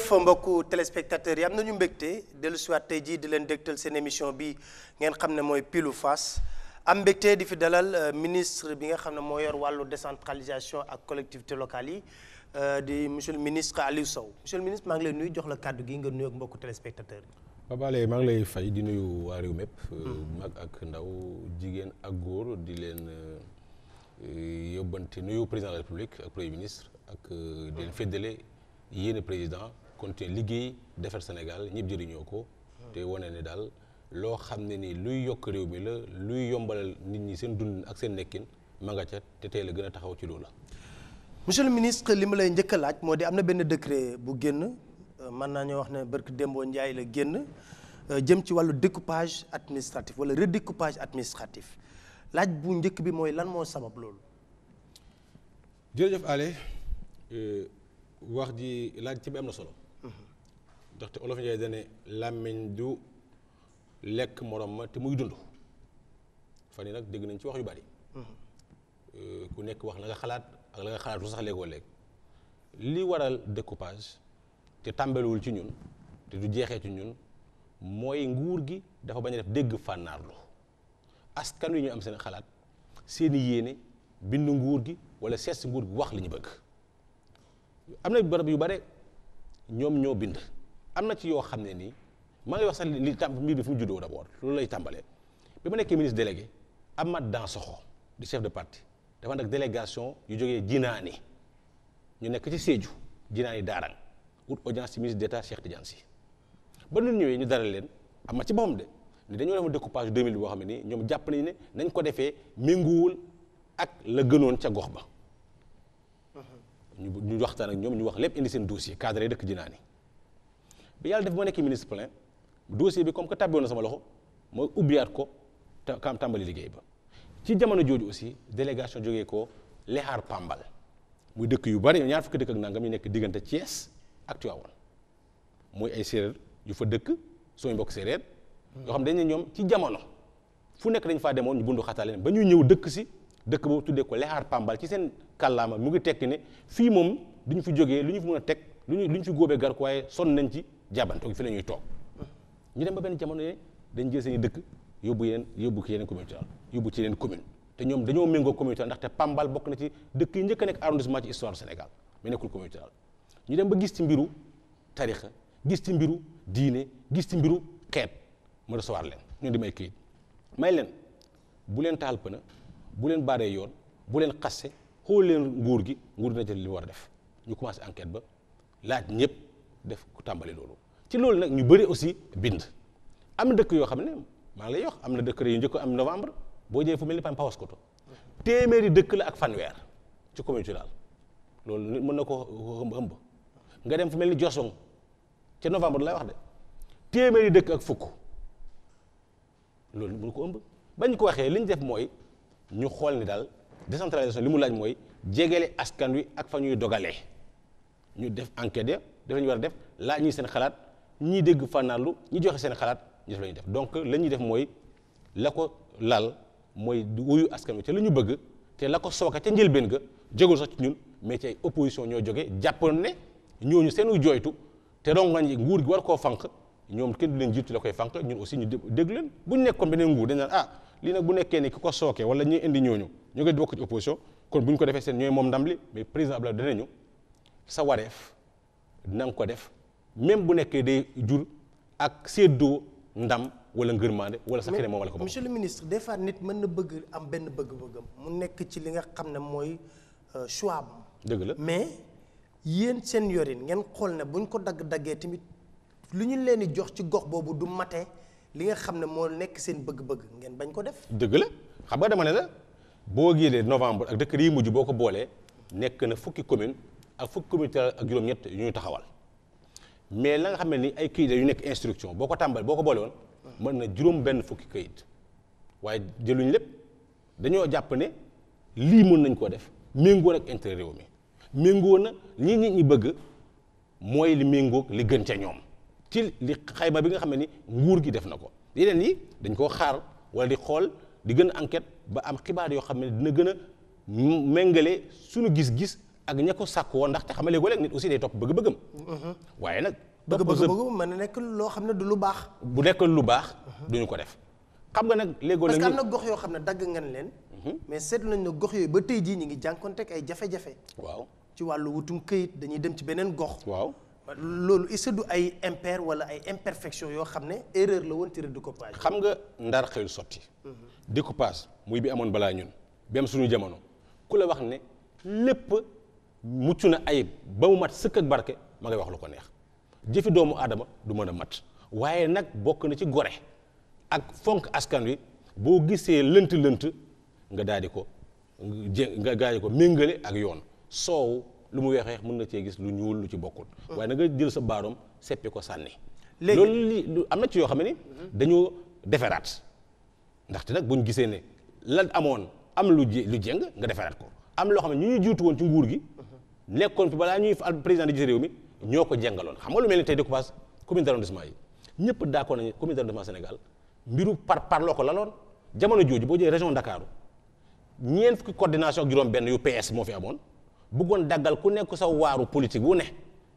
jëf mbokku téléspectateurs yi am nañu mbégte dellu siwaat tey jii di leen dégtal seen émission bi ngeen xam ne mooy Pile ou Face am mbégte di fi dalal euh, ministre bi nga xam ne moo yor wàllu décentralisation ak collectivité locale yi euh, di monsieur le ministre Aliou Sow monsieur le ministre maa ngi leen nuy jox la kàddu gi nga nuyu ak mbokku téléspectateurs yi. Babaale maa ngi lay fay di nuyu waa réew euh, mm-hmm. mag ak ndaw jigéen ak góor di leen yóbbante nuyu président de ministre ak di leen mm-hmm. féddale yéen président continuer liggéey defar Sénégal ñëpp jëriñoo ko. Hmm. te wane ne daal loo xam ne ni luy yokk réew mi la luy yombalal nit ñi seen dund ak seen nekkin ma nga ca te tey la gën a taxaw ci loolu la. monsieur le ministre li ma lay njëkk laaj moo di am na benn décret bu génn euh, mën naa ñoo wax ne barke Dembo Ndiaye la génn euh, jëm ci wàllu découpage administratif wala redécoupage administratif laaj bu njëkk bi mooy lan moo sabab loolu. jërëjëf Allé. Euh, wax ji laaj ci bi am na solo ndaxte olof Njaay dane làmmiñ du lekk morom ma te muy dund fan yi nag dégg nañ ci wax yu bari euh, ku nekk wax la nga xalaat ak la nga xalaat lu sax léegoo léeg li waral découpage te tàmbaliwul ci ñun te du jeexee ci ñun mooy nguur gi dafa bañ a def dégg fànnaarlu askan wi ñu am seen xalaat seen i yéene bind nguur gi wala sees nguur gi wax li ñu bëgg am na barab yu bare ñoom ñoo bind am na ci yoo xam ne nii maa ngi wax sax li tam mbir bi fu mu juddoo d'abord loolu lay tàmbalee bi ma nekkee ministre délégué Amath soxo di chef de parti dafa ànd ak délégation yu jógee Jinaani ñu nekk ci Sédhiou Jinaani Daarang wut audience ci ministre d'État Cheikh Tidiane Sy ba ñu ñëwee ñu dara leen am Amath ci boppam de ni dañoo defoon découpage 2000 boo xam ne nii ñoom jàpp nañ ne nañ ko defee ménguwul ak la gënoon ca gox ba ñu ñu waxtaan ak ñoom ñu wax lépp indi seen dossier cadre dëkk ji naa ni bi yàlla def ma nekk ministre plein dossier bi comme que tàbbi woon na sama loxo ma ubbiwaat ko te kam tàmbali liggéey ba ci jamono jooju aussi délégation jógee ko Lexaar Pambal muy dëkk yu bari ñaar fukki dëkk ak nangam yi nekk diggante Thiès ak Tivaouane muy ay séeréer yu fa dëkk sooy mbokk séeréer yoo xam dañ ne ñoom ci jamono fu nekk dañ faa demoon ñu bundu xataa leen ba ñuy ñëw dëkk si dëkk boobu tuddee ko lexaar pambal ci seen kàllaama mu ngi tekk ne fii moom duñu fi jógee li ñu fi mën a teg luñu lu ñu fi góobee gar ko waaye sonn nañ ci jàbbantoog fi la ñuy toog ñu dem ba benn jamono ne dañ jël seen dëkk yóbbu yeneen yóbbu ci yeneen commune yóbbu ci yeneen commune te ñoom dañoo méngoo commune rurale ndaxte pambal bokk na ci dëkk yi njëkk a nekk arrondissement ci histoire Sénégal mais nekkul commune rurale ñu dem ba gis ci mbiru tarixa gis ci mbiru diine gis mbiru xeet mu recevoir leen di may kayit may leen bu leen taal pëna bu leen baaree yoon bu leen xasse xool leen nguur gi nguur na jël li war a def ñu commencé enquête ba laaj ñëpp def ku tàmbali loolu ci loolu nag ñu bëri aussi bind am dëkk yoo xam ne maa ngi lay wax am na dëkk yu njëkk am novembre boo ñëwee fu mel ni Paoskoto téeméeri dëkk la ak fanweer ci commune rurale loolu nit mën na ko ëmb ëmb nga dem fu mel ni Diosong ca novembre lay wax de téeméeri dëkk ak fukk loolu mënu ko ëmb bañ ko waxee li ñu def mooy ñu xool ni daal décentralisation li mu laaj mooy jegele askan wi ak fa ñuy dogalee ñu def enquête def lañu war a def laaj ñi seen xalaat ñi dégg fànnaarlu ñi joxe seen xalaat ñu def la def donc la ñuy def mooy la ko lal mooy wuyu askan wi te la ñu bëgg te la ko sooke ca njëlbeen ga jógul sax ci ñun mais ci ay opposition ñoo joge jàpp ne ñooñu seenu jooytu te rongañ yi nguur gi war koo fànq ñoom kenn du leen jiitu la koy fànq ñun aussi ñu dégg leen bu ñu nekkoon beneen nguur ah lii nag bu nekkee ni ki ko sooke wala ñuy indi ñooñu ñoo ngi bokk ci opposition kon bu ñu ko defee seen ñooy moom ndam li mais président Abdoulaye danañu sa wareef dina ko def même bu nekkee day jur ak séddoo ndam wala ngërmande wala sa keneen moom wala ko monsieur le ministre des fois nit mën na bëgg am benn bëgg-bëggam mu nekk ci li nga xam ne mooy euh, choix dëgg la mais yéen seen yorin ngeen xool ne buñ ko dagg-daggee tamit lu ñu leen di jox ci gox boobu du mate li nga xam ne moo nekk seen bëgg-bëgg ngeen bañ ko def. dëgg la xam nga dama ne la boo génnee novembre ak dëkk yi mujj boo ko boolee nekk na fukki commune ak fukki communauté ak juróom-ñett yu ñu taxawal mais la nga xam ne ni ay kayit yu nekk instruction boo ko tàmbali boo ko boole mën na juróom benn fukki kayit waaye jëluñ lépp dañoo jàpp ne lii mën nañ koo def méngoo ak intérêt réew mi méngoo na ñi nit ñi bëgg mooy li méngoog li gën ca ñoom. ci li xayma bi nga xam ne ni nguur gi def na ko yeneen yi dañ koo xaar wala di xool di gën a enquête ba am xibaar yoo xam ne dina gën a méngale suñu gis-gis ak ña ko sàkk woon ndaxte xamale ko léeg nit aussi day topp bëgg-bëggam mhm. waaye nag bëgg-bëgg mën na nekk loo xam ne du lu baax bu nekk lu duñu ko def xam nga nag léegoo parce que na gox yoo xam ne dagg ngeen leen mhm. mais seetlu nañ ne gox yooyu ba tey jii ñu ngi jànkoon ak ay jafe-jafe waaw ci wàllu wutum këyit dañuy dem ci beneen gox waaw loolu est-ce du ay impair wala ay imperfection yoo xam ne erreur la woon ci découpage. xam nga ndar xëyul sotti. découpage muy bi amoon balaa ñun bi am suñu jamono ku la wax ne lépp mucc na ayib ba mu mat sëkk ak barke ma ngay wax la ko neex jëfi doomu aadama du mën a mat waaye nag bokk na ci gore ak fonk askan wi boo gisee lënt-lënt nga daal di ko nga daal ko méngale ak yoon soow lu mu weex weexee mën na cee gis lu ñuul lu ci bokkul mm. waaye na nga jël sa baaroom seppi ko sànni loolu lu am na ci yoo xam ne mm-hmm. dañoo deferaat ndaxte nag buñ gisee ne lan amoon am lu lu jëng nga deferaat ko am loo xam ne ñu ñu jiitu woon ci nguur gi mm-hmm. nekkoon fi balaa ñuy président di jiite réew mi ñoo ko jëngaloon xam nga lu mel ni tey découpage commune d'arrondissement yi ñëpp d'accord nañu commune d'arrondissement Sénégal mbiru par parloo ko laloon jamono jooju boo jëlee région Dakar ñeent fukki coordination ak benn yu PS moo fi amoon bëggoon daggal ku nekk sa waaru politique wu ne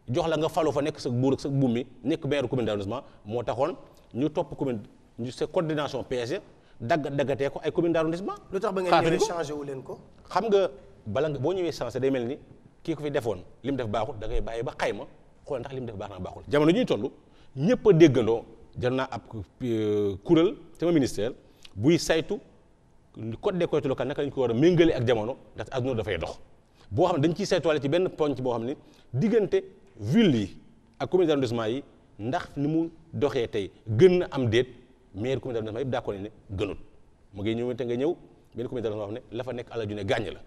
jox la nga falu fa nekk sa buur sa buum mi nekk maire commune d'arrondissement moo taxoon ñu topp commune ñu sa coordination PSG dagg daggatee ko ay commune d'arrondissement. lu tax ba ngeen ñëwee changé wu leen ko. xam nga bala nga boo ñëwee changé day mel ni kii ko fi defoon li mu def baaxul da ngay bàyyi ba xayma xool ndax li mu def baax na baaxul jamono ñuy toll ñëpp a déggandoo jël naa ab euh, kuréel sama ministère buy saytu code des collectivités locales naka lañ ko war a méngale ak jamono ndax adduna dafay dox. boo xam ne dañ ciy saytuwaale ci benn ponc boo xam ne diggante ville yi ak communauté d'arrondissement yi ndax ni mu doxee tey gën na am déet maire communauté d'arrondissement yëpp d'accord ne gënut mu ngi ñëw te nga ñëw benn communauté d'arrondissement xam ne la nekk àlla ju ne gàññ la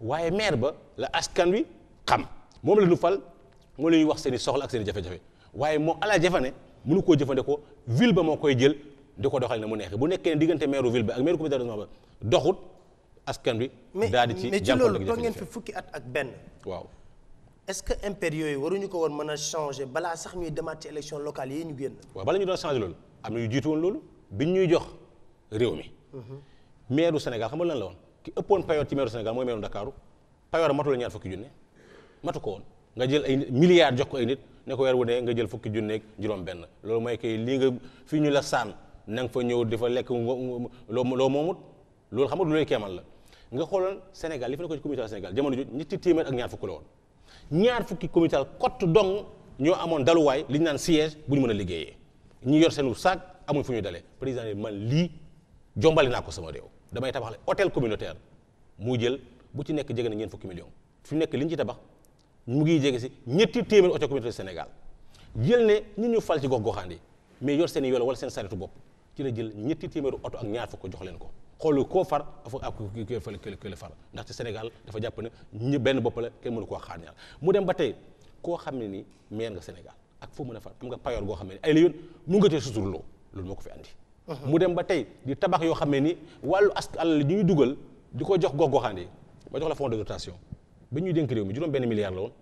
waaye maire ba la askan wi xam moom la ñu fal moo la ñuy wax seen i soxla ak seen i jafe-jafe waaye moo ala jafane munu koo jëfandikoo ville ba moo koy jël di ko doxal ne mu neexee bu nekkee ne diggante maire ville ba ak maire communauté d'arrondissement ba doxut askan wi. daal di ci mais ci loolu toog ngeen fi fukki at ak benn. waaw est-ce que impairs yooyu waruñu ko woon mën a changer balaa sax ñuy demaat ci élection locale yi ñu génn. waaw bala ñu doon changer loolu am na yu jiitu woon loolu biñ ñuy jox réew mi. Mhm. maire du Sénégal xam nga la woon ki ëppoon payoor ci maire du Sénégal mooy maire Ndakaaru payoor matul ñaar fukki junne matu ko woon nga jël ay milliards jox ko ay nit ne ko weer wu ne nga jël fukki junne ak juróom-benn loolu mooy kay lii nga fi ñu la saan na nga fa ñëw di fa lekk loo loo moomut loolu xam nga du lay la nga xooloon Sénégal li fi nekkoon ci communauté Sénégal jamono ju ñetti téeméer ak ñaar fukk la woon ñaar fukki communauté kott dong ñoo amoon daluwaay li ñu naan siège bu ñu mën a liggéeyee ñu yor seenu saag amuñ fu ñu dalee président yi man lii jombale naa ko sama réew damay tabax le hôtel communautaire mu jël bu ci nekk jege na ñeent fukki million fi mu nekk li ñu ci tabax mu ngi jege si ñetti téeméer hôtel communautaire Sénégal ñu fal ci gox goxaan mais yor seen i wala seen saretu bopp ci la jël ñetti oto ak ñaar fukk jox leen ko xoolu koo far afa ak ki fële kële far ndax ci Sénégal dafa jàpp ne ñi benn bopp la kenn mënu koo xaar ñaar mu dem ba tey koo xam ne ni meer nga Sénégal ak foo mën a far am nga payoor goo xam ne ni ay la yoon mu nga tee suturloo loolu moo ko fi andi uh-huh. mu dem ba tey di tabax yoo xam ne ni wàllu as àll ñu ñuy dugal di ko jox gox goxaan yi ma jox la fond de dotation bi ñuy dénk réew mi juróom benn milliard la woon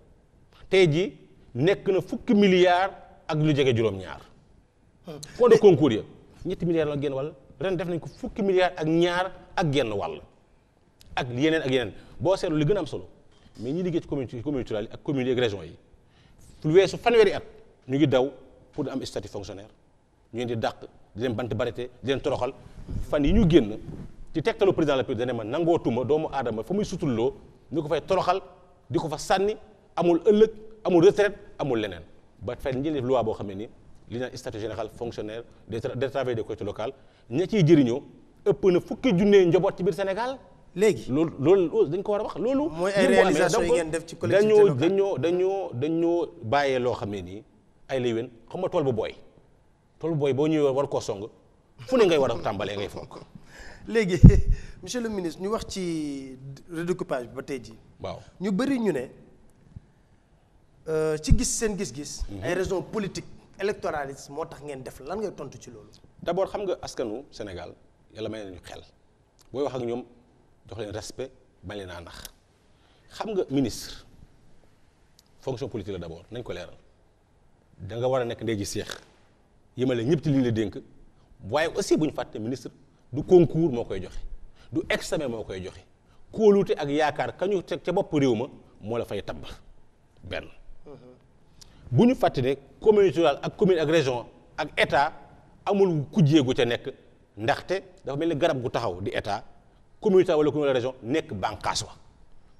tey jii nekk na fukki milliard ak lu jege juróom-ñaar uh-huh. fond de concours ya ñetti génn wàll ren def nañ ko fukki milliards ak ñaar ak genn wàll ak yeneen ak yeneen boo seetlu li gën am solo mais ñi liggéey ci commune ci communes rurales yi ak communes yi ak régions yi lu weesu fanweeri at ñu ngi daw pour am statut fonctionnaire ñu leen di dàq di leen bant barité di leen toroxal fan yi ñu génn ci tegtalu président la dane ma nangootuma doomu aadama fa muy sutulloo ñu ko fay toroxal di ko fa sànni amul ëllëg amul retraite amul leneen ba fay ñu lu loi boo xam ne ni li naan statut général fonctionnaire des des travailleurs des collectivités ña ciy jëriñoo ëpp na fukki junnee njaboot ci biir Sénégal. léegi loolu loolu dañ ko war a wax loolu. mooy ay réalisations yi ngeen def ci collectivité locale dañoo dañoo dañoo bàyyee loo xam ne nii ay léwén xam nga tool bu booy. tool bu booy boo ñëwee war koo song fu ne ngay war a tàmbalee ngay fonk. léegi monsieur le ministre ñu wax ci redécoupage ba tey jii. waaw ñu bëri ñu ne euh, ci gis seen gis-gis. ay mhm. raisons politiques. électoraliste moo tax ngeen def lan ngay tontu ci loolu. d'abord xam nga askanu Sénégal yàlla may nañu xel booy wax ak ñoom jox leen respect bañ leen ndax xam nga ministre fonction politique la d'abord nañ ko leeral danga war a nekk ndey ji seex yemale ñëpp ci li ñu la dénk waaye aussi bu ñu fàtte ministre du concours moo koy joxe du examen moo koy joxe kóolute ak yaakaar ka ñu ca bopp réew ma moo la fay tabb benn. bu ñu fàtte ne commune rurale ak commune ak région ak état amul kujjee gu ca nekk ndaxte dafa mel ni garab gu taxaw di état commune rurale wala commune wala nekk bànqaas wa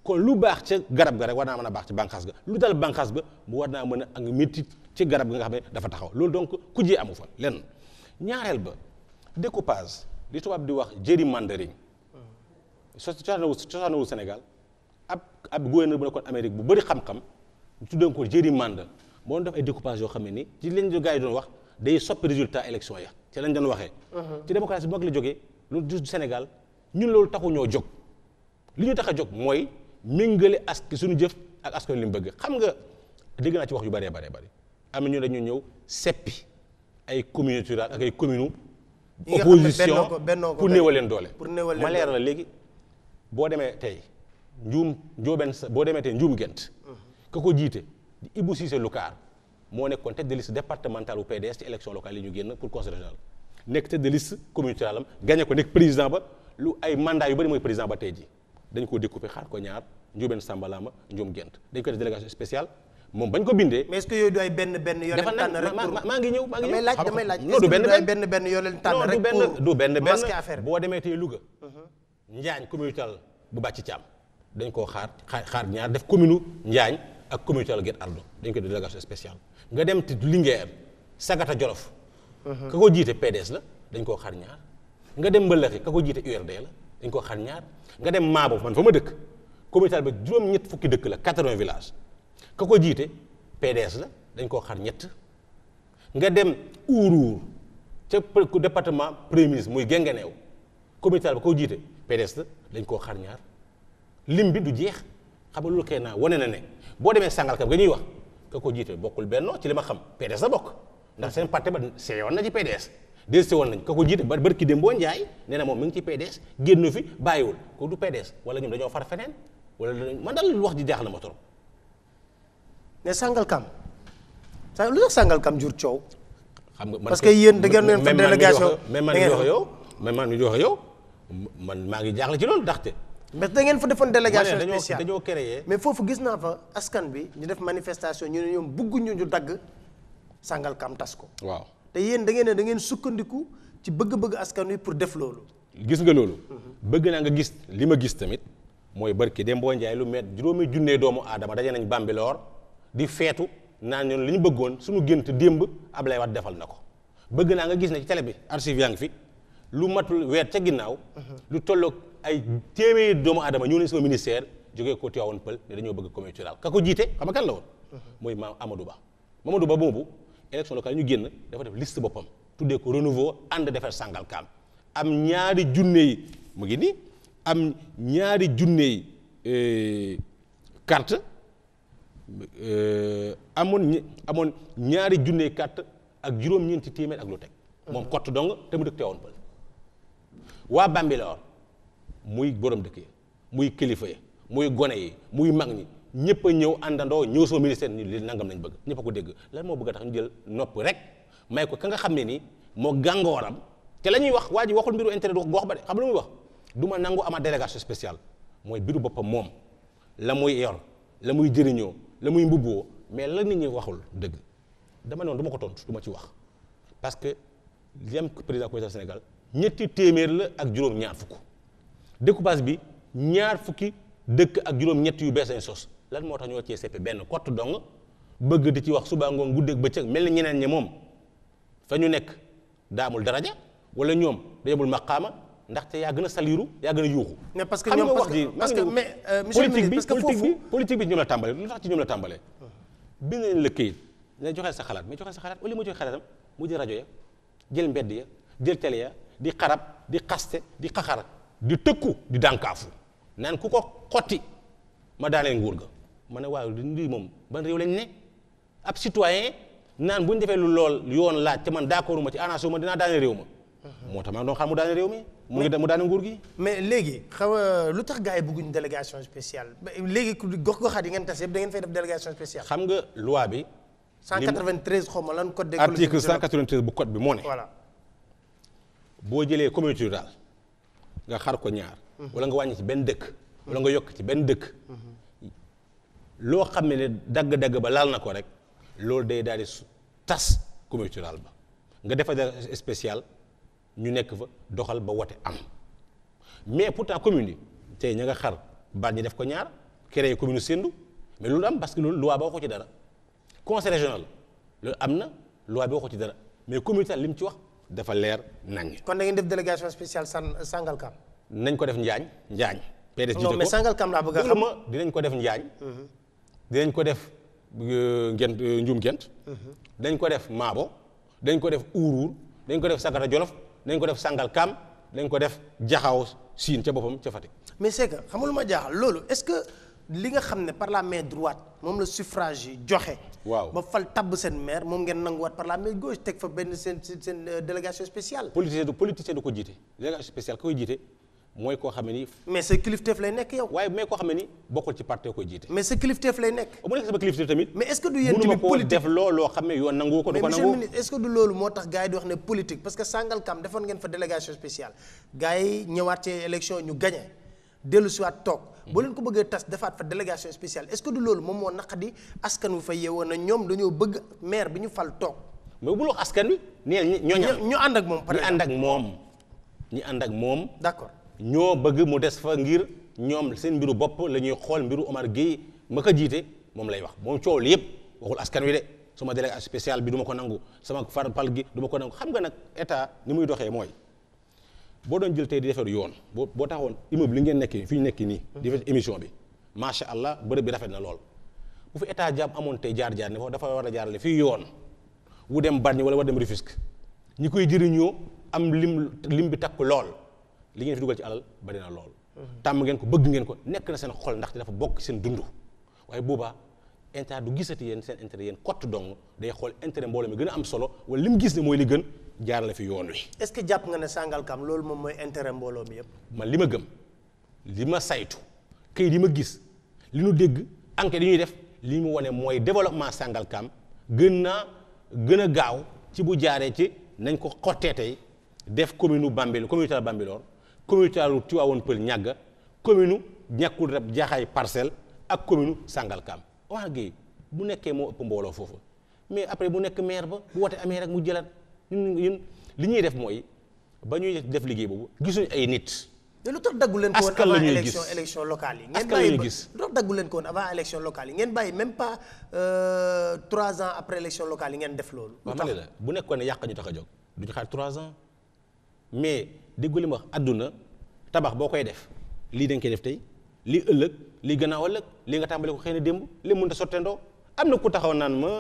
kon lu baax ca garab ga rek war naa mën a baax ci bànqaas ga lu dal bànqaas ba mu war naa mën a ak métti ci garab gi nga xam ne dafa taxaw loolu donc kujjee amu fa lenn ñaareel ba découpage li tubaab di wax gerrymandering cosaanawul Sénégal ab ab gouverneur bu nekkoon Amérique bu bëri xam-xam ñu tuddee ko moo doon def ay découpage yoo xam ne ni ci liñ gars yi doon wax day sopp résultat élection ya ci lañ doon waxee mhm. ci démocratie bu mag la jógee loolu ju Sénégal ñun loolu taxu ñoo jóg li ñu tax a jóg mooy méngale as suñu jëf ak askan li mu bëgg xam nga dégg naa ci wax yu bëree bare bëri am na ñu dañu ñëw seppi ay communes rurales ak ay communes opposition pour néewal leen doole ma leer la léegi boo demee tey njuum njóobeen sa boo demee tey njuum gent mhm. ka ko jiite di Ibou Cissé Loukaar moo nekkoon tête de liste départementale bu PDS ci élection locale yi ñu génn pour conseil régional nekk tête de liste communautaire am gagné ko nekk président ba tey ji dañ ko découpé xaar ko ñaar Ndiobène Sambalaama Ndiom Gént dañ ko def moom bañ ko bindee. mais benn benn yoo leen tànn maa ngi ñëw maa ngi ñëw benn benn yoo leen tànn rek pour du benn benn boo demee tey Louga mhm. Njaañ communautal bu Bàcci Caam dañ koo xaar xaar ñaar def commune Njaañ ak communauté la Guet Ardo dañ ko di délégation spéciale nga dem ti Linguère Sagata Jolof mhm. ka ko jiite PDS la dañ koo xar ñaar nga dem Mbëllaxi ka ko jiite URD la dañ koo xar ñaar nga dem Maabo man dëkk communauté ba fukki dëkk la 80 villages ka ko jiite la dañ koo xar ñett nga dem Ourour département premier ministre muy Guinguinéo communauté ba koo dañ koo xar ñaar lim bi du jeex xam nga loolu kay naa wane na ne boo demee Sangalkam nga ñuy wax ka ko jiite bokkul Benno ci li ma xam PDS la bokk ndax seen parti ba seeyoon na ci PDS désité woon nañ ka ko jiite ba ki dem boo njaay nee na moom mu ngi ci PDS génn fi bàyyiwul ko du PDS wala ñoom dañoo far feneen wala man daal wax ji jaaxal na ma trop. mais Sangalkam sa lu tax jur coow. xam nga parce que yéen da ngeen leen fa délégation même man mii wax yow même man mii wax yow man maa ngi jaaxle ci loolu ndaxte. mais da ngeen fa defoon délégation spéciale dañoo créé mais foofu gis naa fa askan bi ñu def manifestation ñu ne ñoom bëgguñu ñu dagg Sangalkam tas ko. waaw te yéen da ngeen ne da ngeen sukkandiku ci bëgg-bëgg askan wi pour def loolu. gis nga loolu. Mhm. bëgg naa nga gis li ma gis tamit mooy barki Demba Ndiaye lu met juróomi junnee doomu aadama daje nañ Bambilor di feetu naan ñoom li ñu bëggoon suñu gént démb Ablaye Wade defal na ko bëgg naa nga gis ne ci bi archive yaa ngi fi lu matul weer ca ginnaaw. Mhm. lu ay téeméeri doomu aadama ñoo nañ sama ministère jógee ko Tivaouane Pël ne dañoo bëgg communauté rurale ka ko jiite xam nga kan la woon. mooy maam Amadou Ba. Amadou Ba boobu élection ñu génn dafa def liste boppam tuddee ko renouveau ànd defar Sangalkam am ñaari junne mu ngi nii am ñaari junne yi euh, carte euh, amoon amoon ñaari junne yi ak juróom-ñeenti téeméer ak lu teg. moom kott dong te mu dëkk Tivaouane Pël waa Bambilor muy borom dëkk yi muy kilifa yi muy gone yi muy mag ñi ñëpp a ñëw àndandoo ñëw soo ministère ni li nangam nañ bëgg ñëpp a ko dégg lan moo bëgg a tax ñu jël nopp rek may ko ka nga xam ne nii moo gàngooram te la ñuy wax waa ji waxul mbiru intérêt du gox ba de xam lu muy wax du ma nangu ama délégation spéciale mooy biru boppam moom la muy yor la muy jëriñoo la muy mbubboo mais la nit ñi waxul dëgg dama noonu du ma ko tontu du ma ci wax parce que li am président comité Sénégal ñetti téeméer la ak juróom-ñaar fukk découpage bi ñaar fukki dëkk ak juróom-ñett yu bees ay sos lan moo tax ñoo cee seppe benn kott dong bëgg di ci wax suba ngoon guddeeg bëccëg mel ni ñeneen ñi moom fa ñu nekk daamul daraja wala ñoom dayamul maqaama ndaxte yaa gën a saliru yaa gën a yuuxu. mais parce que ñoom parce que parce que mais euh, monsieur le ministre parce que politique bi politique bi ñoom la tàmbalee lu tax ci ñoom la tàmbalee. bi nga leen la këyit ne joxe sa xalaat mais joxe sa xalaat au lieu ma joxe xalaatam mu jël rajo ya jël mbedd ya jël télé ya di xarab di xaste di xaxar di tëkku di dànkaafu naan ku ko xotti ma daaneel nguur ga ma ne waaye lii moom ban réew lañ ne ab citoyen naan bu ñu defee lu lool yoon laaj te man d'accord ma ci anaasu ma dinaa daaneel réew ma moo tax ma doon xam mu daaneel réew mi mu ngi mu daaneel nguur gi mais léegi xam lu tax gaa yi bëgguñu délégation spéciale léegi gox goxaat yi ngeen tas yëpp da ngeen fay def délégation spéciale xam nga loi bi 193 xaw ma lan code de article 193 bu code bi moo ne boo jëlee communauté rurale nga xar ko ñaar wala nga wàññi ci benn dëkk wala nga yokk ci benn dëkk loo xam ne dagg-dagg ba laal na ko rek loolu day daal di tas communautaire ba nga defal dara spécial ñu nekk fa doxal ba wote am mais pourtant commune yi tey ña nga xar baat ñi def ko ñaar créé commune Sendou mais loolu am parce que loolu loi ba waxoo ci dara conseil régional loolu am na loi bi waxoo ci dara mais communauté li ci wax dafa leer nañ. kon da ngeen def délégation spéciale san Sangalkam. nañ ko def Njaañ Njaañ. PDS jiite ko non mais Sangalkam laa a xam dinañ ko def Njaañ. Mhm. dinañ ko def Ngent euh, euh, Njum Ngent. Mhm. dañ ko def Maabo. dañ ko def Uruur dañ ko def Sagata Jolof dañ ko def Sangalkam dañ ko def Jaxaw Siin ca boppam ca Fatick. mais c'est xamul ma jaaxal loolu est-ce que. li nga xam ne par la main droite moom la suffrage yi joxe. waaw ba fal tabb seen maire moom ngeen nanguwaat par la main gauche teg fa benn seen seen euh, délégation spéciale. politicien du politicien du ko jiite délégation spéciale koy jiite mooy koo xam nii. mais sa kilifteef lay nekk yow. waaye mais koo xam ne nii bokkul ci parti koy jiite. mais sa kilifteef lay nekk. mu nekk sama kilifteef tamit. mais est ce que du yéen tamit politique def que du loolu moo tax gars yi di wax ne politique parce que Sangalkam defoon ngeen fa délégation spéciale gars yi ñëwaat ci dellu siwaat toog boo leen ko bëggee tas defaat fa délégation spéciale est-ce que du loolu moom moo naqadi askan wi fa yeewoo na ñoom dañoo bëgg maire bi ñu fal toog mais bu lox askan wi nee ñooñu ñu ànd ak moom ñu ànd ak moom ñu ànd ak moom d'accord ñoo bëgg mu des fa ngir ñoom seen mbiru bopp la ñuy xool mbiru Omar Gueye ma ko jiite moom lay wax moom coow li yëpp waxul askan wi de sama délégation spéciale bi duma ko nangu sama far pal gi duma ko nangu xam nga nag état ni muy doxee mooy boo doon jël tey di defar yoon boo boo taxawoon immeuble li ngeen nekk fi ñu nekk nii. di def émission bi macha allah bërëb bi rafet na lool. bu fi état jàmm amoon tey jaar jaar ne foofu dafa war a jaarale fii yoon wu dem Bargny wala war dem Rufisque ñi koy jëriñoo am lim lim bi takku lool li ngeen ci alal bari na lool. tàmm ngeen ko bëgg ngeen ko nekk na seen xol ndaxte dafa bokk seen dund waaye boobaa état du gisati yéen seen intérêt yéen kott dong day xool intérêt mbooloo mi gën a am solo wala li mu gis ne mooy li gën jaar la fi yoon wi. est que jàpp nga ne Sangalkam loolu moom mooy intérêt mbooloo mi yëpp. man li ma gëm li ma saytu kay li ma gis li nu dégg enquête yi ñuy def li mu wane mooy développement Sangalkam gën naa gën a gaaw ci bu jaaree ci nañ ko xottee tey def commune Bambilor communauté la Bambilor communauté lu Tivaouane Peulh ñàgg commune ñàkkul rek jaaxaay parcelle ak commune Sangalkam wax gi bu nekkee moo ëpp mbooloo foofu mais après bu nekk m ba ñun ñun li ñuy def mooy ba ñuy def liggéey boobu gisuñu ay nit. mais lu tax daggu leen ko woon avant élection élection locale yi. ngeen bàyyi lu tax daggu ko woon avant élection locale yi ngeen bàyyi pas euh, trois ans après élection locale yi ngeen def loolu. lu tax la bu nekkoon ne yàq ñu tax a jóg duñu xaar trois ans mais déggu li ma àdduna tabax boo koy def lii dañ koy def tey lii ëllëg lii gannaaw ëllëg lii nga tàmbale ko xëy na démb lii mënut a sottandoo am na ku taxaw naan ma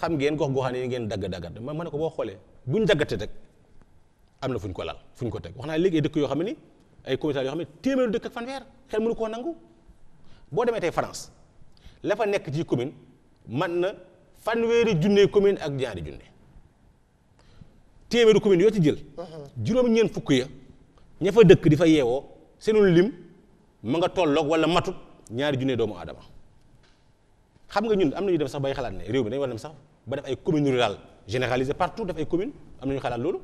xam ngeen gox goxaan yi ngeen dagg daggat ma ne ko boo xoolee buñ daggate rek am na fu ñu ko lal fu ñu ko teg wax naa léegi dëkk yoo xam ne ay commissaires yoo xam ne téeméeru dëkk ak fanweer xel mënu koo nangu boo demee tey France la fa nekk ci commune man na fanweeri junne commune ak ñaari junne téeméeru commune yoo ci jël mhm. juróom-ñeent fukk ya ña dëkk di fa yeewoo seenu lim ma nga tolloog wala matut ñaari junne doomu aadama xam nga ñun am na ñu dem sax bay xalaat ne réew mi dañu war dem sax ba def ay commune rurale généraliser partout def ay commune am nañu xalaat loolu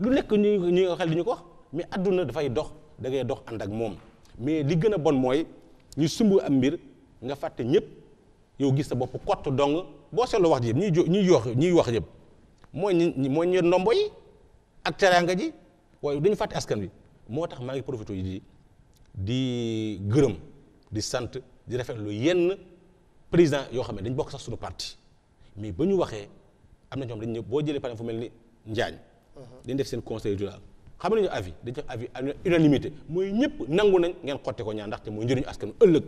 lu nekk ñu ñu xel li ñu ko wax mais adduna dafay dox dangay ngay dox ànd ak moom mais li gën a bon mooy ñu sumb am mbir nga fàtte ñëpp yow gis sa bopp kott dong boo seetloo wax ji yëpp ñuy jo ñuy wax ñuy wax yëpp mooy ñi mooy ñi ndombo yi ak teraanga ji waaye dañu fàtte askan wi moo tax maa ngi profité di di gërëm di sant di rafetlu yenn président yoo xam ne dañ bokk sax sunu parti mais ba ñu waxee. am na ñoom dañ ñëw boo jëlee par exemple fu mel ni Njaañ uh-huh. dañ def seen conseil rural xam nañu avis dañ def avis unanimité mooy ñëpp nangu nañ ngeen xotti ko ñaan ndaxte mooy njëriñu askan ëllëg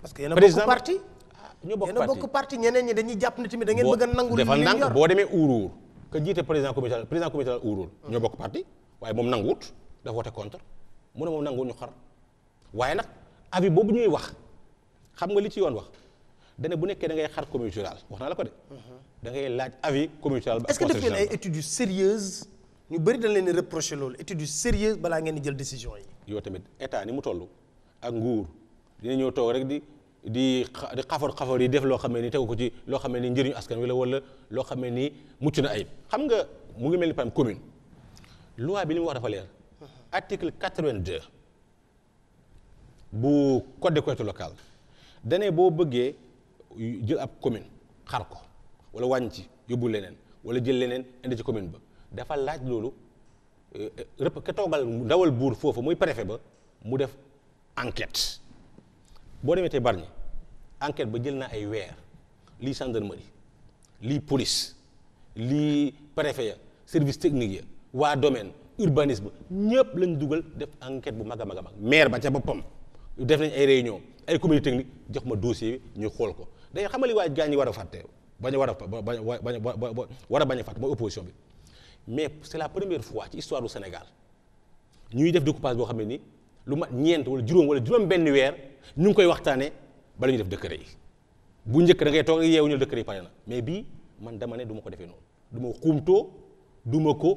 parce que yéen a bokk parti ah, ñoo bokk parti ñeneen ñi dañuy jàpp ne tamit da ngeen bëgg a nangu li ngeen yor boo demee Ourour que jiite président comité président comité Ourour uh-huh. ñoo bokk parti waaye moom nanguwut dafa wote contre mu ne moom nanguwut ñu xar waaye nag avi boobu ñuy wax xam nga li ci yoon wax dane bu nekkee da xar commune rurale wax naa la ko de. Mhm. da ngay laaj avis commune rurale. est-ce que def ngeen ay études ñu bëri dañ leen di reprocher loolu études yu sérieuses ngeen di jël décision yi. yow tamit état ni mu toll ak nguur dina ñëw toog rek di di di xafar yi def loo xam ne nii tegu ko ci loo xam ne nii njëriñu askan wi la walla loo xam ne nii mucc na ay xam nga mu ngi mel ni PAM commune loi bi li mu wax dafa leer. Mhm. article 82 bu code de collectivité locale dane boo bëggee. jël ab commune xar ko wala wàññi ci yóbbu leneen wala jël leneen indi ci commune ba dafa laaj loolu euh, rëpp ka toogal ndawal buur foofu muy préfet ba mu def enquête boo demee tey Bargny enquête ba jël naa ay weer lii gendarmerie lii police lii préfet ya service technique ya waa domaine urbanisme ñëpp lañ dugal def enquête bu mag a mag a mag maire ba ca boppam def nañ ay réunion ay comité technique jox ma dossier ñu xool ko day xamali waa gaañ ñi war a fàtte bañ a war a bañ war a bañ a fàtte mooy opposition bi mais c'est la première fois ci histoire du Sénégal ñuy def découpage boo xam ne ni lu ma ñeent wala juróom wala juróom benn weer ñu ngi koy waxtaanee bala ñu def décret yi bu njëkk da ngay toog yeewu ñu décret yi pare na mais bi man dama ne duma ko defee noonu du ma xuumtoo du ma ko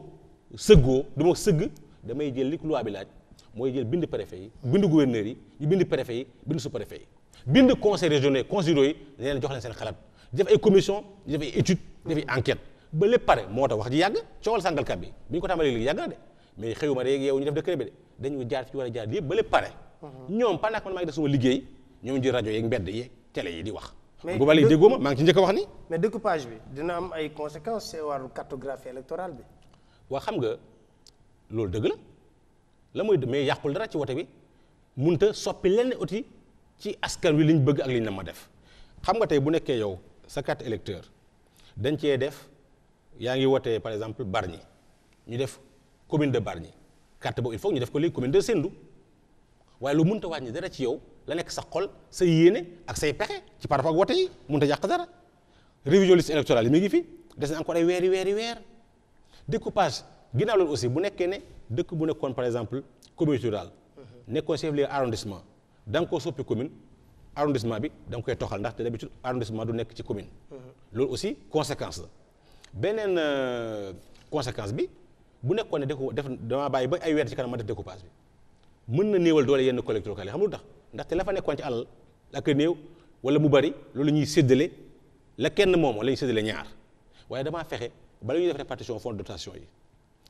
sëggoo duma sëgg damay jël li loi bi laaj mooy jël bind préfet yi bind gouverneur yi ñu bind préfet yi bind sous préfet yi bind conseil régionaux conseillers yi dañ jox leen seen xalaat def ay commission def ay étude def ay enquête ba lépp pare moo tax wax ji yàgg coowal sàngalkat bi bi ñu ko tàmbalee léegi yàgg na de mais xëyuma rek yow def décret bi de dañu jaar fi war a jaar yëpp ba lépp pare mhm. ñoom pendant que man maa ngi def suma liggéey ñoom ji rajo yeeg mbedd yeeg télé yi di wax booba léegi déggoo ma maa ngi ci njëkk a wax ni mais découpage bi dina am ay conséquences ci wàllu cartographie waa xam nga loolu dëgg la la mooy mais yàqul dara ci wote bi munta soppi lenn outil ci askan wi liñ bëgg ak lii la ma def xam nga tey bu nekkee yow sa carte électeur dañ cee def yaa ngi wootee par exemple Bargny ñu def commune de Bargny carte boobu il faut ñu def ko léegi commune de Sendou waaye lu mënta wàññi dara ci yow la nekk sa xol sa yéene ak say pexe ci par rapport ak wote yi mënta yàq dara révision liste électorale yi mi ngi fi des na encore ay weeri weeri weer découpage ginnaaw loolu aussi bu nekkee ne dëkk bu nekkoon par exemple commune rurale nekkoon chef lieu arrondissement da nga soppi commune arrondissement bi da nga koy toxal ndax te d'habitude arrondissement du nekk ci commune. Mm-hmm. loolu aussi conséquence la. beneen euh, conséquence bi bu nekkoon ne déco def damaa bàyyi ba ay weer ci kanam ma def découpage bi mën na néewal doole yenn collectivités locales yi xam lu tax ndaxte la fa nekkoon ci alal la ko néew wala mu bari loolu ñuy séddale la kenn moom la ñuy séddale ñaar waaye damaa fexe bala ñuy def répartition fonds de dotation yi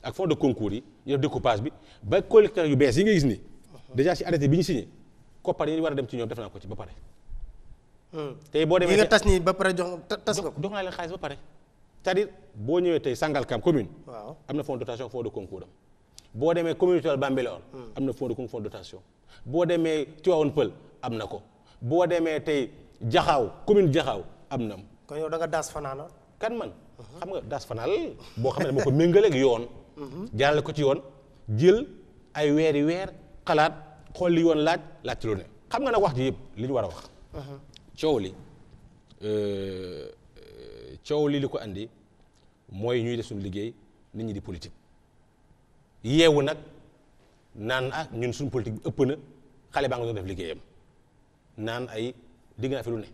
ak fonds de concours yi ñu def bi ba yu bees yi nga gis ni uh-huh. déjà ci bi ñu signé. koppar yi war a dem ci ñoom def naa ko ci ba pare. Hmm. tey boo demee nga tas nii ba pare jox tas nga ko jox naa leen ba pare. cest boo ñëwee tey Sangalkam commune. waaw am na fonds de dotation fonds de concours am. boo demee communauté rurale Bambilor hmm. am na fonds de concours fonds dotation. boo demee Tivaouane Peul am na ko. boo demee tey jaxaw commune Jaxaaw am na. kon yow da nga daas fanaana ah? kan man hmm. xam nga daas fanaal boo xam ne moo ko méngaleeg yoon. jaarale ko ci yoon jël ay weeri weer xalaat. xool li yoon laaj laajte lu ne xam nga nag wax ji yëpp li ñu war a wax. Uh-huh. coow li euh, coow li li ko andi mooy ñuy def suñu liggéey nit ñi di politique yeewu nag naan ah ñun suñu politique bi ëpp na xale baa nga doon def liggéeyam naan ay digg naa fi lu ne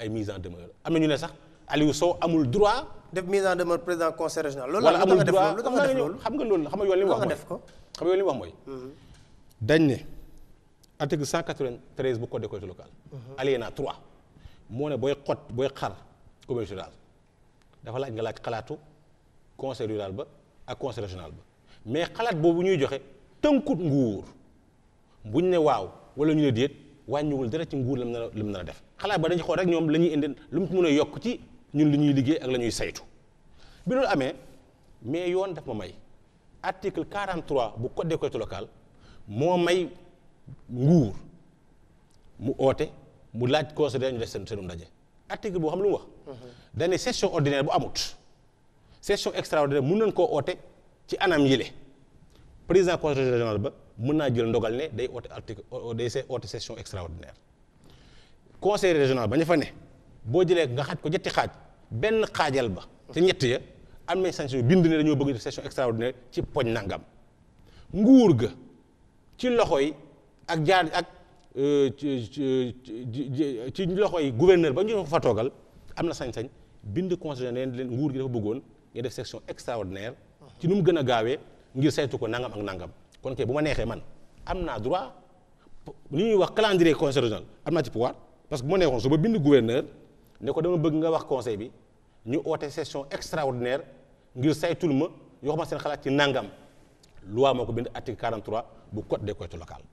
ay mise en demeure am na ñu ne sax Aliou Sow amul droit. def mise en demeure président conseil régional. loolu amul droit xam nga loolu xam nga yoon li wax xam nga yoon li mu wax mooy. Uh-huh. dañ ne. article 193 bu code des collectivités locales. Uh-huh. alinéa 3 moo ne booy xot booy xar communauté rurale dafa laaj nga laaj xalaatu conseil rural ba ak conseil régional ba mais xalaat boobu ñuy joxe tënkut nguur buñ ne waaw wala ñu ne déet wàññiwul dara ci nguur la na lam na def xalaat ba dañu xool rek ñoom la ñuy indi lu mu mën a yokk ci ñun li ñuy liggéey ak la ñuy saytu bi loolu amee mais yoon daf ma may article 43 bu code des moo may. nguur mu oote mu laaj conseil dañ def seen seenum ndaje article boo xam lu mu wax mhm. dane session ordinaire bu amut session extraordinaire mu nañ koo oote ci anam yile président conseil régional ba mën naa jël ndogal ne day oote article day see oote session extraordinaire conseil régional ba ñu fa ne boo jëlee nga xaaj ko ñetti xaaj benn xaajal ba te ñett ya am nañ sanction bind ne dañoo bëgg def session extraordinaire ci poñ nangam nguur ga ci loxo yi ak jaan ak euh, ci loxo yi gouverneur ba ñu fa toogal am na sañ-sañ bind constitution neen leen nguur gi bëggoon ñu def section extraordinaire ci mu gën a gaawee ngir saytu ko nangam ak nangam kon kay bu ma neexee man am naa droit li ñuy wax calendrier conseil régional am naa ci pouvoir parce que bu ma neexoon su ba bind gouverneur ne ko dama bëgg nga wax conseil bi ñu oote session extraordinaire ngir saytul ma yoo xam seen xalaat ci nangam loi moo ko bind article 43 bu code des collectivités locales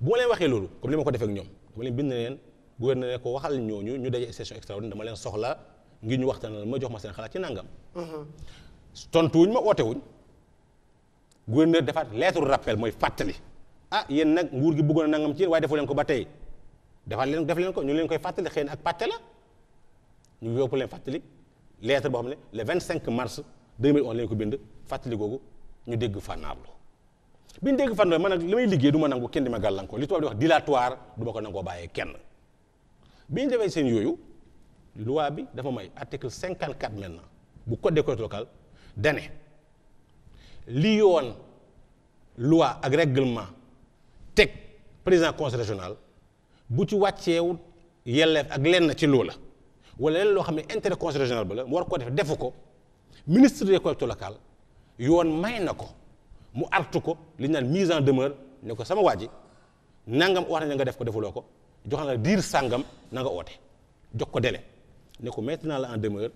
bu ma leen waxee loolu comme li ma ko defeek ak ñoom dama leen bind leen gouverneur ne ko waxal ñooñu ñu daje session extraordinaire dama leen soxla ngir ñu waxtaanal ma jox ma seen xalaat ci nangam. Mm-hmm. tontu wuñ ma oote wuñ gouverneur defaat lettre rappel mooy fàttali ah yéen nag nguur gi buggoon a nangam ci yéen waaye defu leen ko ba tey defaat leen def leen ko ñu leen koy fàttali xëy na ak pàtte la ñu yóbbu leen fàttali lettre boo xam ne le 25 mars 2011 la ñu ko bind fàttali googu ñu dégg fànnaablu bi ñu fan fanweer man nag li may liggéey du ma nangu kenn di ma gàllankoor li tubaab di wax dilatoire ko nangoo bàyyee kenn bi ñu defee seen yooyu loi bi dafa may article 54 maintenant bu code des collectivités locales dane li yoon loi ak règlement teg président conseil bu ci wàcceewu yelleef ak lenn ci la wala lenn loo xam ne intérêt conseil régional la mu war koo def defu ko ministre des collectivités locales yoon may na ko mu artu ko li ñu naan mise en demeure ne ko sama waaj ji nangam wax na nga def ko defuloo ko jox na diir sàngam nanga oote jox ko dele ne ko mettre naa la en demeure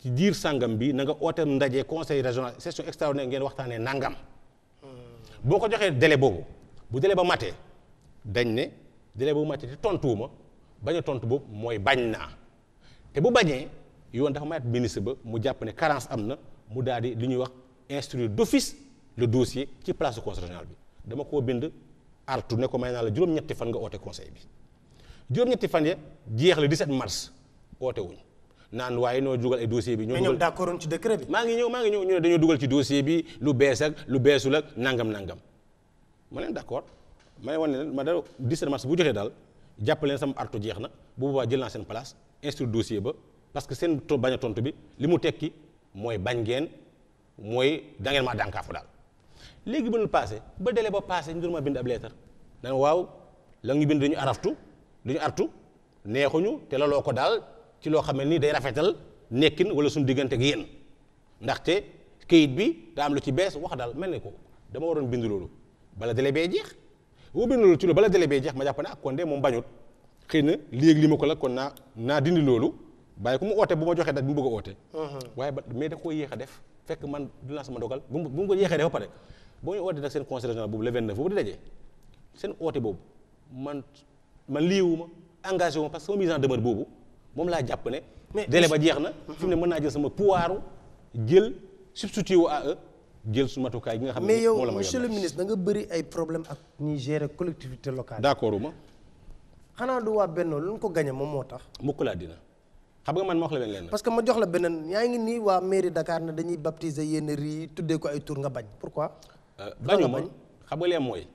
ci diir sàngam bi na nga oote ndaje conseil régional session ne ngeen waxtaanee nangam boo ko joxee délai boobu bu délai ba mate dañ ne délai boobu matee te tontuwuma bañ a tontu boobu mooy bañ naa te bu bañee yoon dafa mayat ministre ba mu jàpp ne carence am na mu daal di li ñuy wax instruire d'office le dossier ci place conseil bi dama koo bind artu ne ko may naa la juróom-ñetti fan nga oote conseil bi juróom-ñetti fan ya jeex le 17 mars oote wuñ naan waaye ñoo dugal ay dossier bi. ñoo dugal mais ñoom ci décret bi. maa ngi ñëw maa ngi ñëw ñu ne dañoo dugal ci dossier bi lu bees ak lu beesul ak nangam nangam ma leen d'accord ma ne woon ne ma da 17 mars bu jotee daal jàppaleen sama artu jeex na bu boobaa jël naa seen place instruire dossier ba parce que seen bañ a tontu bi li mu tekki mooy bañ ngeen mooy da ngeen maa dànkaafu daal. léegi mënul passé ba délai ba passé ñu doon ma bind ab leetar danga waaw la ñu bind dañu araftu dañu artu neexuñu te la ko daal ci loo xam ne nii day rafetal nekkin wala suñu diggante ak yéen ndaxte kayit bi daa am lu ci bees wax daal mel ni ko dama waroon bind loolu bala délai bee jeex boo bind loolu ci loolu bala délai bee jeex ma jàpp ne ak ah, kon de moom bañut xëy na léegi li ma ko la kon naa naa dindi loolu bàyyi ko mu oote bu ma joxee date bi mu bëgg a oote. Mhm. waaye ba mais da koo yéex a def fekk man dinaa sama dogal bu mu bu mu ko yéexee def ba boo ñu oote nag seen conseil boobu le 29 boobu di dajee seen oote boobu man man liiwuma engagé wu ma parce que sama mise en boobu moom laa jàpp ne. mais délai ba jeex na. fi mu ne mën naa jël sama pouvoir jël substitué wu a jël su matukaay gi nga xam ne mais yow monsieur le ministre da nga bëri ay problème ak ñuy gérer collectivité locale. d' accord uma xanaa du waa Benno lu mu ko gañe moom moo tax. mukk laa dina xam nga man ma wax la leen parce que ma jox la beneen yaa ngi nii waa mairie Dakar ne dañuy baptiser yenn rii tuddee ko ay tur nga bañ pourquoi. bañu euh, bañ xam nga leen mooy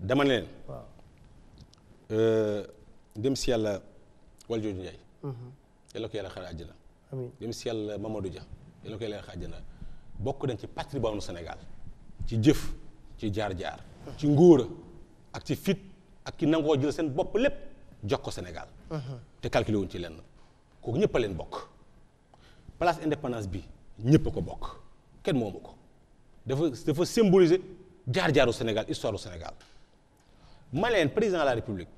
dama leen euh, dem si yàlla wal jooju Njaay mhm. yàlla ko yàlla xare àjjana dem si yàlla Mamadou Dia ko yàlla xare àjjana bokk nañ ci patrimoine senegal ci jëf ci jaar-jaar ci ngóora ak ci fit ak ci nangoo jël seen bopp lépp jox ko Sénégal mhm. te calculé ci lenn kooku ñëpp a leen bokk place indépendance bi ñëpp ko bokk kenn moomu ko dafa dafa symboliser jaar-jaaru Sénégal histoire u Sénégal ma président la république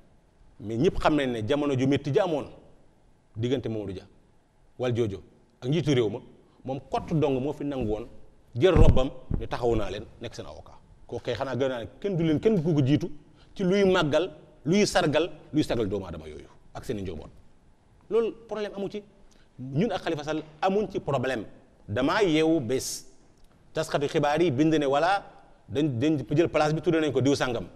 mais ñëpp xam nañ ne jamono ju métti ji amoon diggante Mamadou Dia wal joojo ak njiitu réew ma moom kott dong moo fi nangu woon jël robbam ne taxaw naa leen nekk seen avocat kooku kay xanaa gën naa ne kenn du leen kenn ku ko jiitu ci luy màggal luy sargal luy sargal doomu aadama yooyu ak seen i njaboot loolu problème amu ci ñun ak Khalifa Sall amuñ ci problème damaa yeewu bés. taskati xibaar yi bind ne voilà dañ dañ jël place bi tuddee nañ ko diw sàngam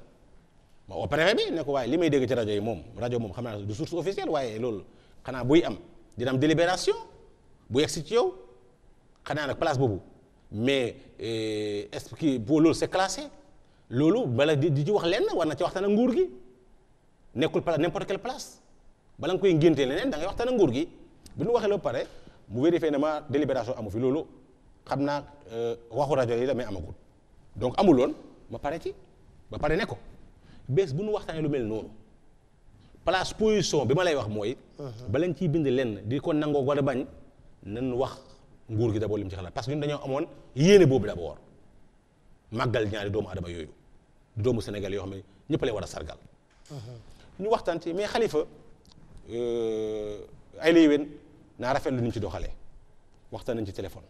ma au préfet bi ne waaye li may dégg ci rajo yi moom rajo moom xam naa du source officielle waaye loolu xanaa buy am dina am délibération bu yegsi ci yow xanaa nag place boobu mais euh, est-ce que boo loolu c'est classé loolu bala di ci wax lenn war na ci waxtaan ak nguur gi nekkul place n'importe quelle place bala nga koy ngéntee leneen da ngay waxtaan ak nguur gi bi nu waxee loo pare mu vérifié ne ma délibération amu fi loolu xam naa euh, waxu rajo yi la damay amagul donc amuloon ma pare ci ba pare ne ko bés bu nu waxtaanee lu mel noonu place position bi ma lay wax mooy. Uh-huh. ba leen bind lenn di ko nangoo war a bañ nan wax nguur gi d'abord lim ci xalaat parce que ñun dañoo amoon yéene boobu d'abord màggal ñaari doomu adama yooyu doomu Sénégal yoo xam ne ñëpp war a sargal. Uh-huh. ñu waxtaan ci mais xalifa euh, ay léewén naa rafet ni mu ci doxalee waxtaan nañ ci téléphone.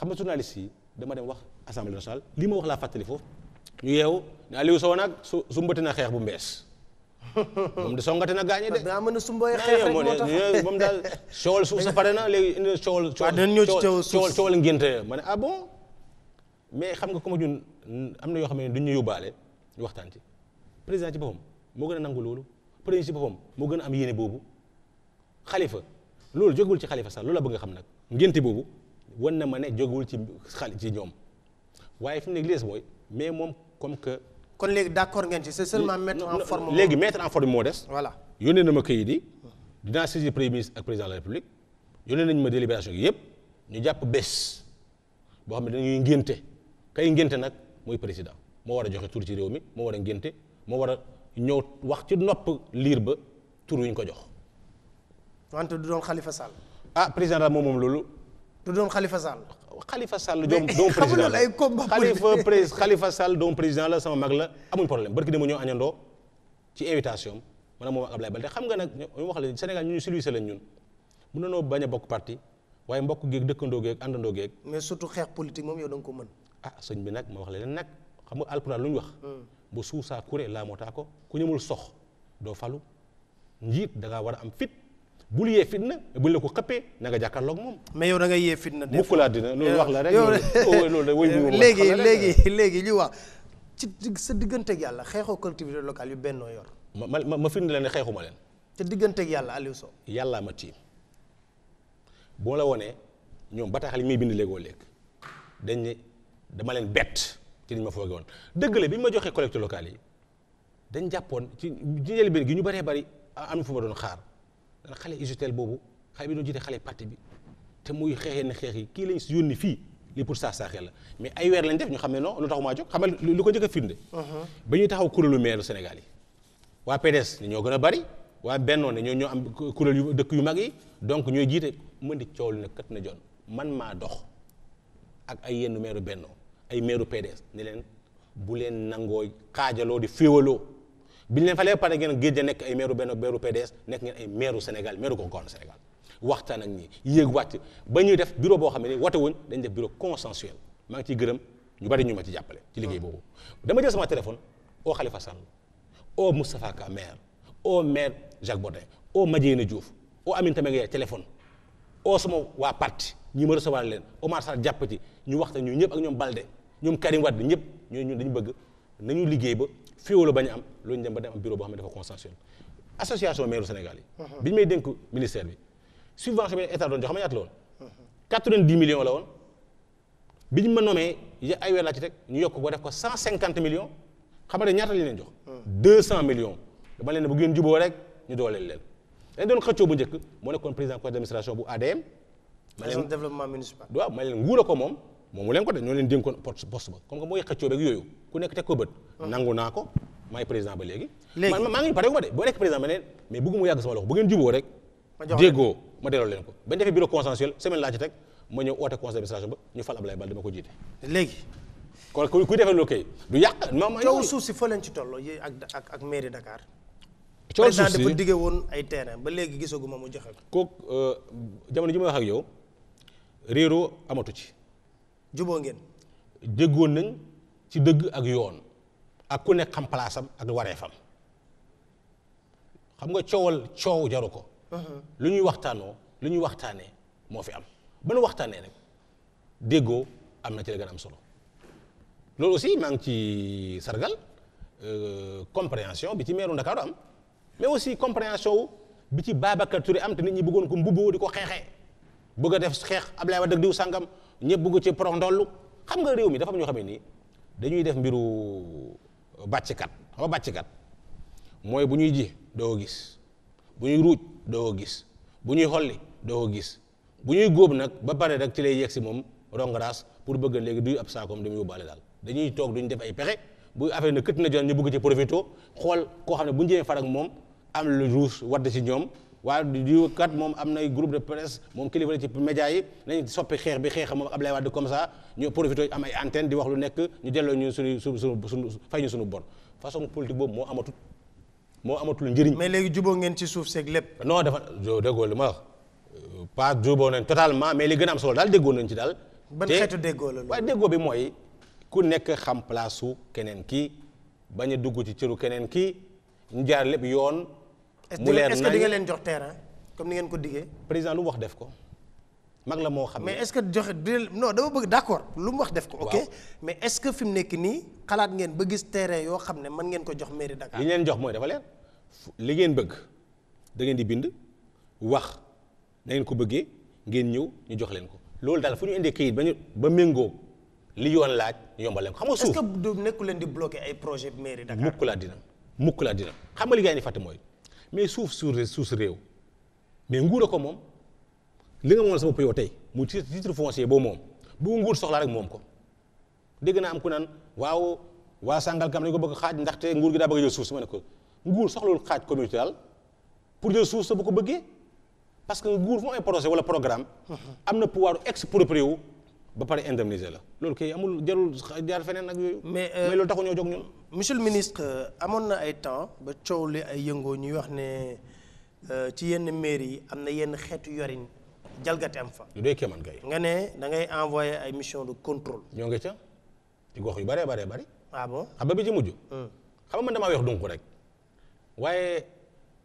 xam nga journaliste dama dem wax assemblée nationale lii ma wax laa fàttali foofu ñu yeewu ne nag su sumbati na xeex bu mbees moom de na gaañe de. daa mën a sumboy xeex rek moo sa pare na léegi indi coowal. waaw ngénte ma ne ah mais xam nga comme ñun am na yoo xam ne duñ ñu yóbbaale ñu waxtaan ci président ci boppam moo gën a nangu loolu président ci boppam moo gën a am yéene boobu xalifa loolu jógul ci xalifa sax loolu la bëgg nga xam nag ngénte boobu. wan na ma ne jógewul ci xal ci ñoom waaye fi mu nekk lees mooy mais moom comme que. kon léegi d'accord ngeen ci c'est seulement mettre en forme. léegi mettre en moo des. voilà yónnee na ma kayit yi dinaa saisir premier ministre ak président de la république yónnee nañu ma délibération yi yëpp ñu jàpp bés boo xam ne dañuy ngénte kay ngénte nag mooy président moo war a joxe tur ci réew mi moo war a ngénte moo war a ñëw wax ci nopp liir ba tur yu ñu ko jox. wante du doon Khalifa Sall. ah président daal moom moom loolu. du doon Khalifa Sall. Khalifa Sall doom doom président la ay combat Khalifa pré Khalifa Sall doom président la sama mag la amuñ problème barki dama ñoo añandoo ci invitation am man moom ak Ablaye Balde xam nga nag ñu wax la Sénégal ñu civilisé lañ ñun mën nañoo bañ a bokk parti waaye mbokk geeg dëkkandoo geeg àndandoo geeg. mais surtout xeex politique moom yow da nga ko mën. ah sëñ bi nag ma wax la leen nag xam nga alpulaar lu ñu wax. Hmm. bu suusaa kuré laa moo taa ko ku ñëmul sox doo falu njiit da war a am fit. bul yee fitna buñ la ko xëppee na nga jàkkaarloog moom. mais yow da nga yee fitna. des fois dina loolu wax la rek. loolu oh, léegi léegi léegi ñu wax ci sa digganteeg yàlla xeexoo collectivité locale yi bennoo yor. ma ma ma firnde leen ne xeexuma leen. sa digganteeg yàlla Aliou Sow. yàllaa ma tiim boo la wonee ñoom bataaxal yi muy bind léegoo léeg dañ dama leen bett ci li ma foogee woon dëgg la bi ñu ma joxee collectivité locale yi dañ jàppoon ci njëlbeen gi ñu baree bari am fu ma doon xaar. dana xale UGTEL boobu xale bi doon jiite xale parti bi te muy xeexee na xeex yi kii lañ si yónni fii lii pour saa saaxee la mais ay weer lañ def ñu xam ne non lu taxumaa jóg xamal lu ko njëkk a firnde uh-huh. ba ñuy taxaw kuréelu maire Sénégal yi waa PDS ne ñoo gën a bari waa Bennoo ne ñoo ñoo am kuréel yu dëkk yu mag yi donc ñooy jiite mën di coow li ne kat na jon man maa dox ak ay yenn meeru Bennoo ay meeru PDS ne leen bu leen nangoo xaajaloo di féewaloo bi ñu leen falee pare ngeen géej nekk ay meeru benn meeru PDS nekk ngeen ay meeru Sénégal meeru ko goon Sénégal waxtaan ak ñi yéeg wàcc ba ñuy def bureau boo xam ne ni wate wuñ dañ def bureau consensuel maa ngi ciy gërëm ñu bari ñu ma ci jàppale ci liggéey boobu dama jël sama téléphone au Khalifa Sall au Moustapha Ka maire au maire Jacques Bodin au Madiyana Diouf au Aminata Mbengue Ndiaye téléphone au sama waa parti ñi ma recevoir leen Omar Sarr jàpp ci ñu waxtaan ñu ñëpp ak ñoom Balde ñoom Karim Wade ñëpp ñooñu ñun dañu bëgg nañu liggéey ba féewaloo bañ am loolu ñu dem ba dem am bureau boo xam ne dafa consensuel association maire Sénégal yi mhm. bi may dénk ministère bi subvention bi état doon jox xam nga ñaata la woon quatre-vingt-dix millions la woon bi cent cinquante millions xam nga ñaata lañ leen jox mhm. deux cent millions leen ne bu juboo rek ñu dooleel leen dañ doon xëccoo bu njëkk moo nekkoon président conseil d'administration bu ADM ma leen développement ko moom moomu leen ko de ñoo leen dénkoon poste poste ba comme que mooy xëccoo beeg yooyu ku nekk teg ko bët. Ah. nangu naa ko maay président ba léegi. léegi man maa ngi pare ma de boo nekk président ba ne mais bëggu mu yàgg sama loxo bu ngeen juboo rek. ma jox déggoo ma delloo leen ko bañ defee bureau consensuel semaine laa ci teg ma ñëw oote conseil d'administration ba ñu fal Ablaye Bal dama ko jiite. léegi. kon kuy defee loolu kay du yàq. non ma coow suuf si fa leen ci tolloo yéen ak ak ak mairie Dakar. coow suuf si président dafa diggee woon ay terrain ba léegi gisaguma mu joxe ko. kooku euh, jamono ji ma wax ak yow réeroo amatu ci juboo ngeen déggoon nañ ci dëgg ak yoon ak ku nekk xam palaasam ak wareefam xam nga coowal coow jaru ko uh-huh. lu ñuy waxtaanoo lu ñuy waxtaanee moo fi am ba nu waxtaanee rek déggoo am na ci la am solo loolu aussi maa ngi ci sargal euh, compréhension bi ci meeru Ndakaaru am mais aussi compréhension wu bi ci Babacar Touré am te nit ñi bëggoon ko mbubboo di ko xeexee bëgg a def xeex Ablaye Wade ak diw sàngam ñëpp bugg ci porox ndollu xam nga réew mi dafa am ñoo xam ne nii dañuy def mbiru euh, bàcckat xam nga mooy bu ñuy ji doo gis bu ñuy ruuj doo gis bu ñuy xolli doo gis bu ñuy góob nag ba pare rek ci lay yegg si moom rongaraas pour bëgg léegi duy ab saakoom dañuy yóbbaale daal dañuy toog duñu def ay pexe bu affaire na këtt na jon ñu bugg ci profito xool koo xam ne bu ñu jëmee moom am lu ruus wadd ci ñoom waaye diw kat moom am nay groupe de presse moom kilifa la ci média yi soppi xeex bi xeexa moom Ablaye Wade comme ça ñu profité am ay antenne di wax lu nekk ñu delloo ñu suñu suñu suñu fay ñu suñu bon façon politique boobu moo amatul moo amatul njëriñ. mais léegi juboo ngeen ci suuf seeg lépp. non dafa déggoo li ma wax pas juboo nañ totalement mais li gën a am solo daal déggoo nañ ci daal. ban xeetu déggoo la waaye déggoo bi mooy ku nekk xam place su keneen kii bañ a dugg ci cëru keneen kii ñu jaar yoon. mu leer nañ est di nga leen jox terrain comme ni ngeen ko diggee. président lu mu wax def ko mag la moo xam. mais est-ce que joxe du non dama bëgg d'accord lu mu wax def ko. ok mais est-ce que fi mu nekk nii xalaat ngeen ba gis terrain yoo xam ne mën ngeen ko jox mairie Dakar. li ñu leen jox mooy dafa li ngeen bëgg dangeen di bind wax dangeen ko bëggee ngeen ñëw ñu jox leen ko loolu daal fu ñu indee kayit ba ñu ba méngoo li yoon laaj ñu yombal leen ko. xam nga suuf est-ce que du nekku leen di bloquer ay projet mairie Dakar. mukk laa dina mukk laa dina xam ma li gars yi fàtte mooy mais suuf suuf suuf réew mais nguur a ko moom li nga moom sama pëyoo tey mu titre foncier boo moom bu nguur soxlaa rek moom ko dégg naa am ku naan waaw waa Sàngalkam dañu ko bëgg xaaj ndaxte nguur gi daa bëgg a jël suuf si ma ne ko nguur soxlawul xaaj communauté daal pour jël suuf sa bu ko bëggee parce que nguur fu mu amee projet wala programme am na pouvoir exproprié wu ba pare indemniser la loolu kay amul jarul jaar feneen ak yooyu. mais euh, mais loolu taxu ñoo jóg ñun. monsieur ministre euh, amoon na ay temps ba coow li ay yëngoo ñuy wax ne euh, ci yenn mairie yi am na yenn xeetu yorin jalgate am fa. lu dee kéemaan kay. nga ne da ngay envoyé ay mission de contrôle. ñoo ngi ca ci gox yu bëree bëree bari ah bon xam nga bi ci mujj. Hmm. xam nga man damaa weex dunq rek waaye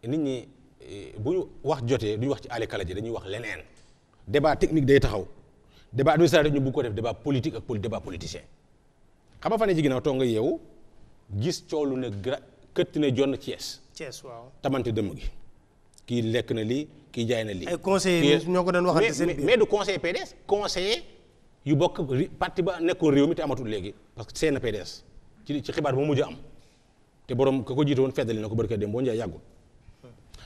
nit ñi eh, bu ñu wax jotee du wax ci àll kala ji dañuy wax leneen. débat technique day taxaw. débat administratif ñu bugg ko def débat politique ak poli débat politicien xam fa ne yii ci ginnaaw toog nga yeewu gis coolu ne gra këtt ne jonn Thiès. Thiès waaw tamante dëmm gi. kii lekk na lii kii jaay na lii. ay conseillers ñoo ko doon waxante seen biir mais du conseiller PDS conseiller yu bokk parti ba nekkoon réew mi te amatul léegi parce que seen PDS ci ci xibaar bu mujj am te borom ka ko jiite woon feddali na ko barke dem boo njaay yàggul.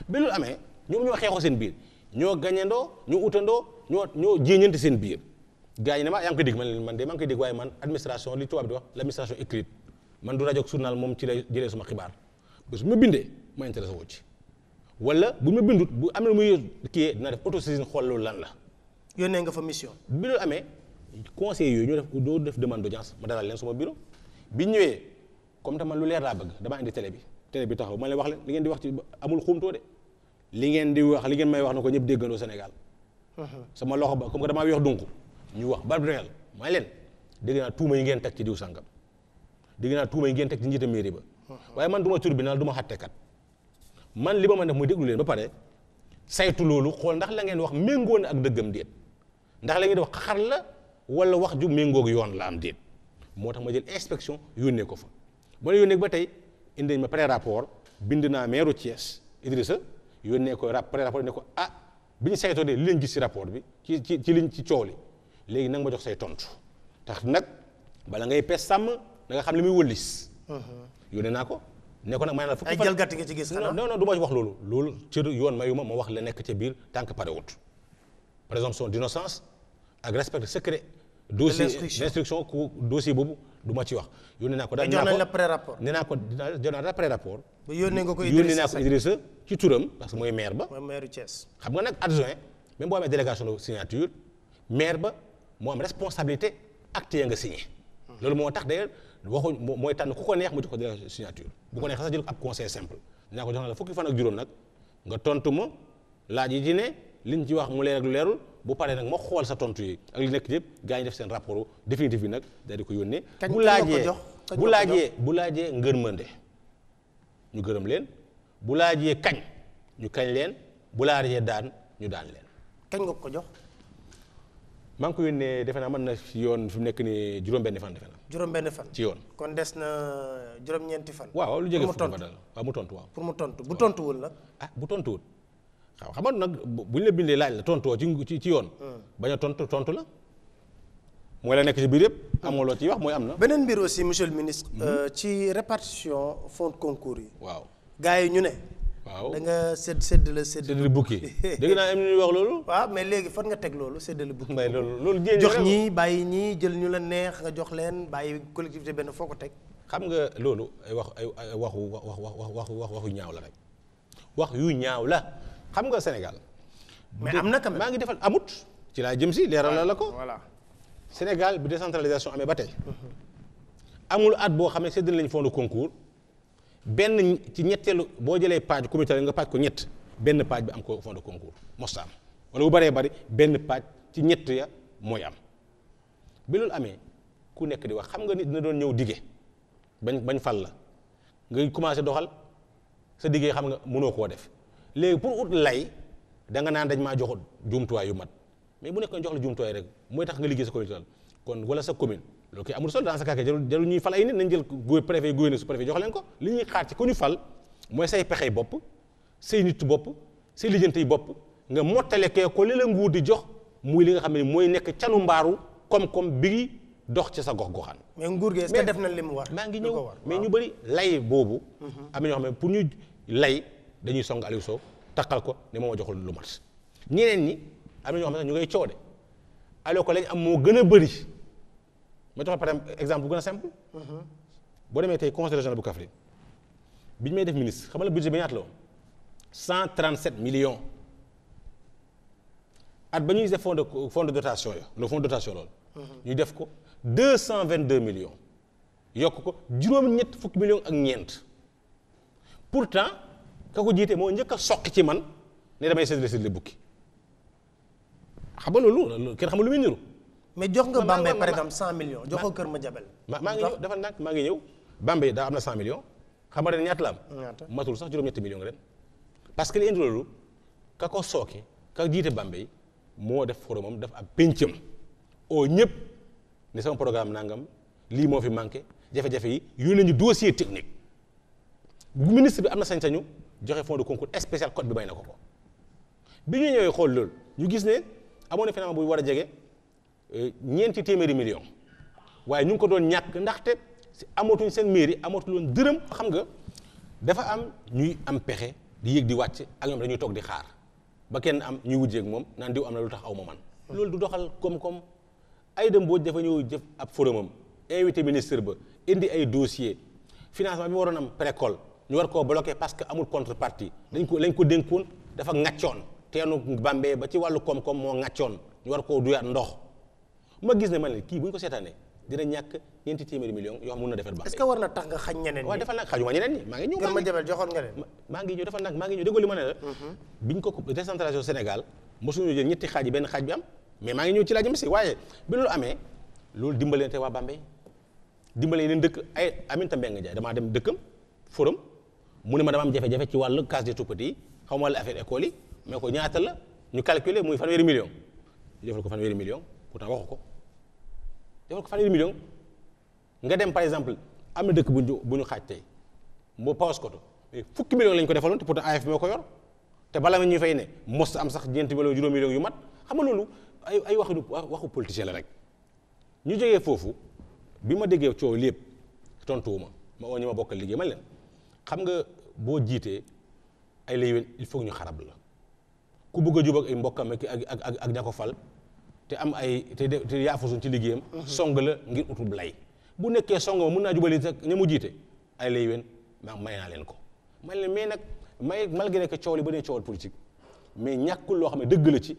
bi amee ñoom ñoo xeexoo seen biir ñoo gañandoo ñoo utandoo ñoo ñoo jéeñante seen biir. gars yi ne ma yaa ngi koy dégg man leen man de maa ngi koy dégg waaye man administration li tubaab di wax moom ci lay ma bindee ma intéressé woo ci bu ma bindut bu am na muy kii dina def autosaisine xool loolu lan la. yónnee nga fa mission. bi loolu amee conseil yooyu ñoo def doo def demande d' ma dalal leen suma bureau bi ñëwee comme tam lu leer laa bëgg damaa indi télé bi télé bi taxaw ma leen wax leen li ngeen di wax ci amul li ngeen di wax li ngeen may wax na ko ñëpp déggandoo Sénégal. Mhm. sama loxo ba comme que damaa weex dunku ñu wax ba doyal may leen dégg naa tuuma yi ngeen teg ci diw sàngam dégg naa tuuma yi ngeen teg ci njiite mairie ba waaye man du ma tribunal du ma xattekat man li ma mën def muy déglu leen ba pare saytu loolu xool ndax la ngeen wax méngoo na ak dëggam déet ndax la ngeen wax xar la wala wax ju méngoog yoon la am déet moo tax ma jël inspection yónnee ko fa ma ne yónnee ba tey indi ma pare rapport bind naa meeru Thiès Idrissa yónnee ko pré rapport ne ko ah bi ñu saytoo de li si rapport bi ci ci ci liñ ci coow li léegi nag ma jox say tontu tax nag bala ngay pes sàmm da nga xam li muy wëllis. Mm-hmm. yónnee naa ko ne ko nag may naa fukki fan ay nga ci gis. non non du ma wax loolu. loolu cër yoon mayu ma ma wax la nekk ca biir tànk parewut présomption d'innocence ak respect secret. dossier d'instruction ku dossier boobu du ma ci wax. yónnee naa ko daal jox nañ la pré rapport nee naa ko jox naa la pré ko Idrissa yónnee naa ko Idrissa ci turam parce que mooy maire ba. mooy maire Thiès. xam nga nag adjoint même boo amee délégation de signature maire ba. moo am responsabilité acte ya nga signé. loolu moo tax d'ailleurs waxuñ mooy tànn ku ko neex mu jox ko délégation signature bu ko neex sax jël ab conseil simple dinaa ko jox na la fukki fan ak juróom nag nga tontu ma laaj yi ci ne liñ ci wax mu leer ak lu leerul bu paree nag ma xool sa tontu yi ak li nekk yëpp gaa yi def seen rapport définitif bi nag daal di ko yónnee. bu laajee bu laajee bu laajee ngërmande ñu gërëm leen bu laajee kañ ñu kañ leen bu laajee daan ñu daan leen. kañ ko jox. maa ngi ko yónnee defe naa man na yoon fi mu nekk nii juróom-benn fan defe naa. juróom-benn fan ci yoon. kon des na juróom-ñeenti fan. waaw lu jege fukk nga daal waaw mu tontu waaw. pour mu tontu bu tontuwul nag. ah bu tontuwul xaw xam nga nag buñ la bindee laaj la tontuwoo ci ci yoon. Hmm. bañ a tontu tontu la. mooy la nekk ci biir yëpp amoo loo ciy wax mooy am na. beneen mbir aussi monsieur le ministre. Hmm. Euh, ci répartition fonds concours yi. waaw gars yi ñu ne. waaw da nga sédd sédd la sédd. sédd bukki dégg naa am na ñuy wax loolu. waaw mais léegi fan nga teg loolu sédd la bukki. mbay loolu loolu jox ñii bàyyi ñii jël ñu la neex nga jox leen bàyyi collectivité benn foo ko teg. xam nga loolu ay wax ay waxu wax wax wax waxu ñaaw la rek wax yu ñaaw la xam nga Sénégal. mais am na quand même maa ngi defal amut. ci laa jëm si leeral la ko. voilà Sénégal bi décentralisation amee ba tey. amul at boo xam ne sédd lañ fonds de concours. benn ci ñetteelu boo jëlee page communautaire nga page ko ñett benn paaj bi am ko fond de concours mosta am wala bu baree bari benn paaj ci ñett ya mooy am bi loolu amee ku nekk di wax xam nga nit dina doon ñëw dige bañ bañ fal la nga commencer doxal sa diggee xam nga mënoo koo def léegi pour ut lay da nga naan dañ maa joxut jumtuwaay yu mat mais bu nekk jox la jumtuwaay rek mooy tax nga liggéey sa communauté kon wala sa commune loolu koy amul sol dans ce cas jarul jarul ñuy fal ay nit nañ jël gu préfet gouverneur su préfet jox leen ko li ñuy xaar ci ku ñu fal mooy say pexey bopp say nit bopp say lijjante yi bopp nga mottale kee ko li la nguur di jox muy li nga xam ne mooy nekk canu mbaaru koom-koom bi dox ci sa gox goxaan. mais nguur gi est def na li mu war. maa ngi ñëw mais ñu bëri lay boobu. Mhm. am na ñoo xam ne pour ñu lay dañuy song Aliou Sow takkal ko ne moom joxul lu mat ñeneen ñi am na ñu ngay coode alors que am moo gën a bëri. ma joxe par exemple bu gën a simple. Mm-hmm. boo demee tey conseil régional bu Kaffrine bi ñu may def ministre xam nga budget bi ñaata la woon cent trente sept million at ba ñuy def fond de fond de dotation ya le fond de dotation loolu. Mm-hmm. ñu def ko deux cent vingt deux millions. yokk ko juróom-ñett fukki millions ak ñeent pourtant ka ko jiite moo njëkk a soqi ci man ne damay séddale séddale bukki xam nga loolu kenn xamul lu muy niru. mais jox nga Bambey par exemple 100 millions jox ko Kër Madiabel. maa ngi ñëw dafa nag maa ngi ñëw Bambey daa am na 100 millions xam nga ren ñaata la am. matul sax juróom-ñetti millions ren. parce que li indi loolu ka ko sooke ka jiite Bambey moo def foromam def ab péncam oo ñëpp ne sama programme nangam lii moo fi manqué jafe-jafe yi yónnee ñu dossier technique bu ministre bi am na sañ-sañu joxe fonds de concours spécial code bi may na ko ko bi ñu xool loolu ñu gis ne amoon na financement war a jege. ñeenti téeméeri million waaye ñu ngi ko doon ñàkk ndaxte si amatuñ seen mairie amatu loon dërëm xam nga dafa am ñuy am pexe di yéeg di wàcc ak ñoom dañuy toog di xaar ba kenn am ñuy wujjeeg moom naan diw am na lu tax aw ma man loolu du doxal koom-koom ay dem boo dafa ñëw jëf ab forumam invité ministre ba indi ay dossier financement bi waroon am précole ñu war koo bloqué parce que amul contrepartie dañ ko lañ ko dénkoon dafa ŋàccoon teenu Bambey ba ci wàllu koom moo ŋàccoon ñu war koo duyaat ndox ma gis ne ma ne kii bu ñu ko seetaanee dina ñàkk ñeenti téeméeri million yoo xam mën na defar baax est-ce que war na tax nga xañ ñeneen ñi waaw defal nag xajuma ñeneen ñi maa ngi ñëw ma jabel joxoon nga leen maa ngi ñëw defal nag maa ngi ñëw déggoo li ma ne la mhm. biñ ko décentralisation Sénégal mosuñu jël ñetti xaaj yi benn xaaj bi am mais maa ngi ñëw ci laaj si waaye bi loolu amee loolu dimbalante waa Bambey dimbale leen dëkk ay Aminata Mbengue Ndiaye damaa dem dëkkam forum mu ne ma dama am jafe-jafe ci wàll case des xaw ma wàllu affaire école mais ko ñaata la ñu calculer muy fanweeri million ñu defal ko fanweeri million pourtant waxu ko defal ko fanweeri million nga dem par exemple am na dëkk bu ñu bu ñu xaaj tey moo pawas koto mais fukki million lañ ko defaloon te pourtant AFP moo ko yor te bala nga ñu fay ne most am sax ñeenti million juróomi million yu mat xam nga loolu ay ay waxu waxu la rek ñu jógee foofu bi ma déggee coow lépp tontuwuma ma oo ñu ma bokkal liggéey man xam nga boo jiitee ay léwén il foog ñu xarab la ku bëgg a jub ak ay mbokkam ak ak ak ña ko fal te am ay te te yaafusuñ ci liggéeyam song la ngir utub lay bu nekkee song ma mën naa jubali sax ña mu jiite ay lay ween maa may naa leen ko man leen mais nag may malgré que coow li ba nee coowal politique mais ñàkkul loo xam ne dëgg la ci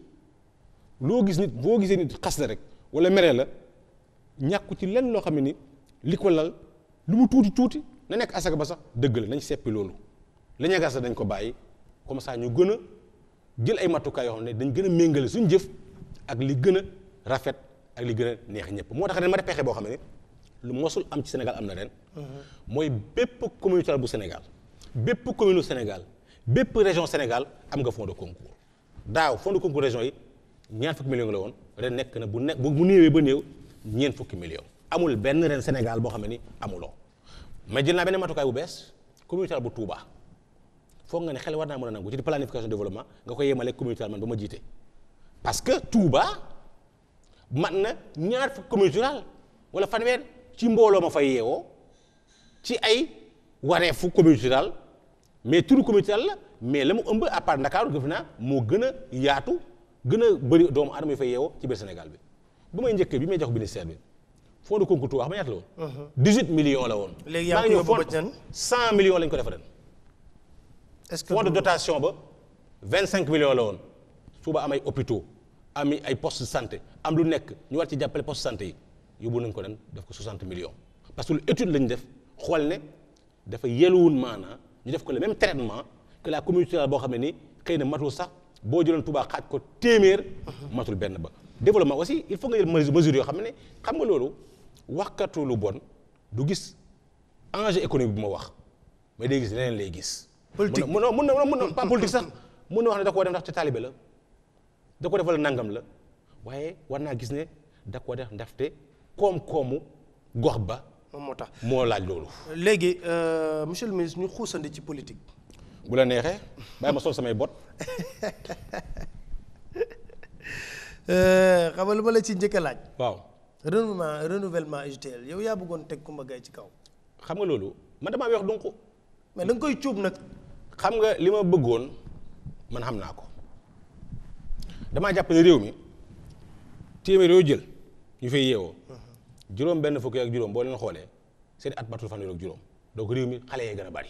loo gis nit boo gisee nit xas rek wala mere la ñàkku ci lenn loo xam ne ni li ko lal lu mu tuuti tuuti na nekk asaka ba sax dëgg la nañ seppi loolu la ñuy gas dañ ko bàyyi comme ça ñu gën a jël ay matukaay yoo xam ne dañ gën a méngale suñu jëf ak li gën a rafet ak li gën neex ñëpp moo tax ren ma def pexe boo xam ne lu mosul am ci Sénégal am na ren. Mhm. mooy bépp communauté bu Sénégal bépp commune Sénégal bépp région Sénégal am nga fonds de concours daaw fonds de concours région yi ñeent fukki millions la woon ren nekk na bu nekk bu bu néewee ba néew ñeent fukki millions. amul benn ren Sénégal boo xam ne ni amuloo mais jël naa benn matukaay bu bees communautaire bu Touba foog nga ne xel war a nangu ci planification développement nga ma jiite. parce que Touba mat na ñaar fukk commune rurale wala fanweer ci mbooloo ma fa yeewoo ci ay wareefu commune rurale mais turu commune rurale la mais la mu ëmb à part Ndakaaru gëf naa moo gën a yaatu gën a bëri doomu aadama yi fay yeewoo ci biir Sénégal bi bu may njëkkee bi may jox ministère bi fond de concours Touba xam nga ñaata la uh-huh. la woon. léegi yaa ngi fond 100 lañ ko def ren. est-ce que fond de dotation ba 25 millions la woon. Touba am ay hôpitaux am ay postes de santé am lu nekk ñu war ci jàppale poste santé yi yóbbu nañ ko ren def ko 60 million parce que lu étude la def xool ne dafa yeluwun maanaa ñu def ko le même traitement que la communauté boo xam ne ni xëy na matul sax boo jëloon Touba xaaj ko téeméer matul benn ba développement aussi il faut nga jël mesure yoo xam ne xam nga loolu waxkatu lu bon du gis enjeu économique bi ma wax mais day gis leneen lay gis. politique mun na mun na mun na pas ne da koo dem ndax ci la. da ko defal nangam la waaye war naa gis ne da ko def ndafte koom-koomu gox ba. moo tax moo laaj loolu. léegi euh, monsieur le ministre ñu xuusandi ci politique. bu la neexee bàyyi ma sol samay bot. Euh, xam nga lu ma la ci njëkk a laaj. waaw renouvellement renouvellement UJTL yow yaa bëggoon teg Coumba gay ci kaw. xam nga loolu man damaa weex donc. mais da koy cuub nag. xam nga li ma bëggoon man xam naa ko. damaa jàpp ne réew mi téeméer yoo jël ñu fay yeewoo juróom benn fukki ak juróom boo leen xoolee seen at batul fanweer ak juróom donc réew mi xale yee gën a bari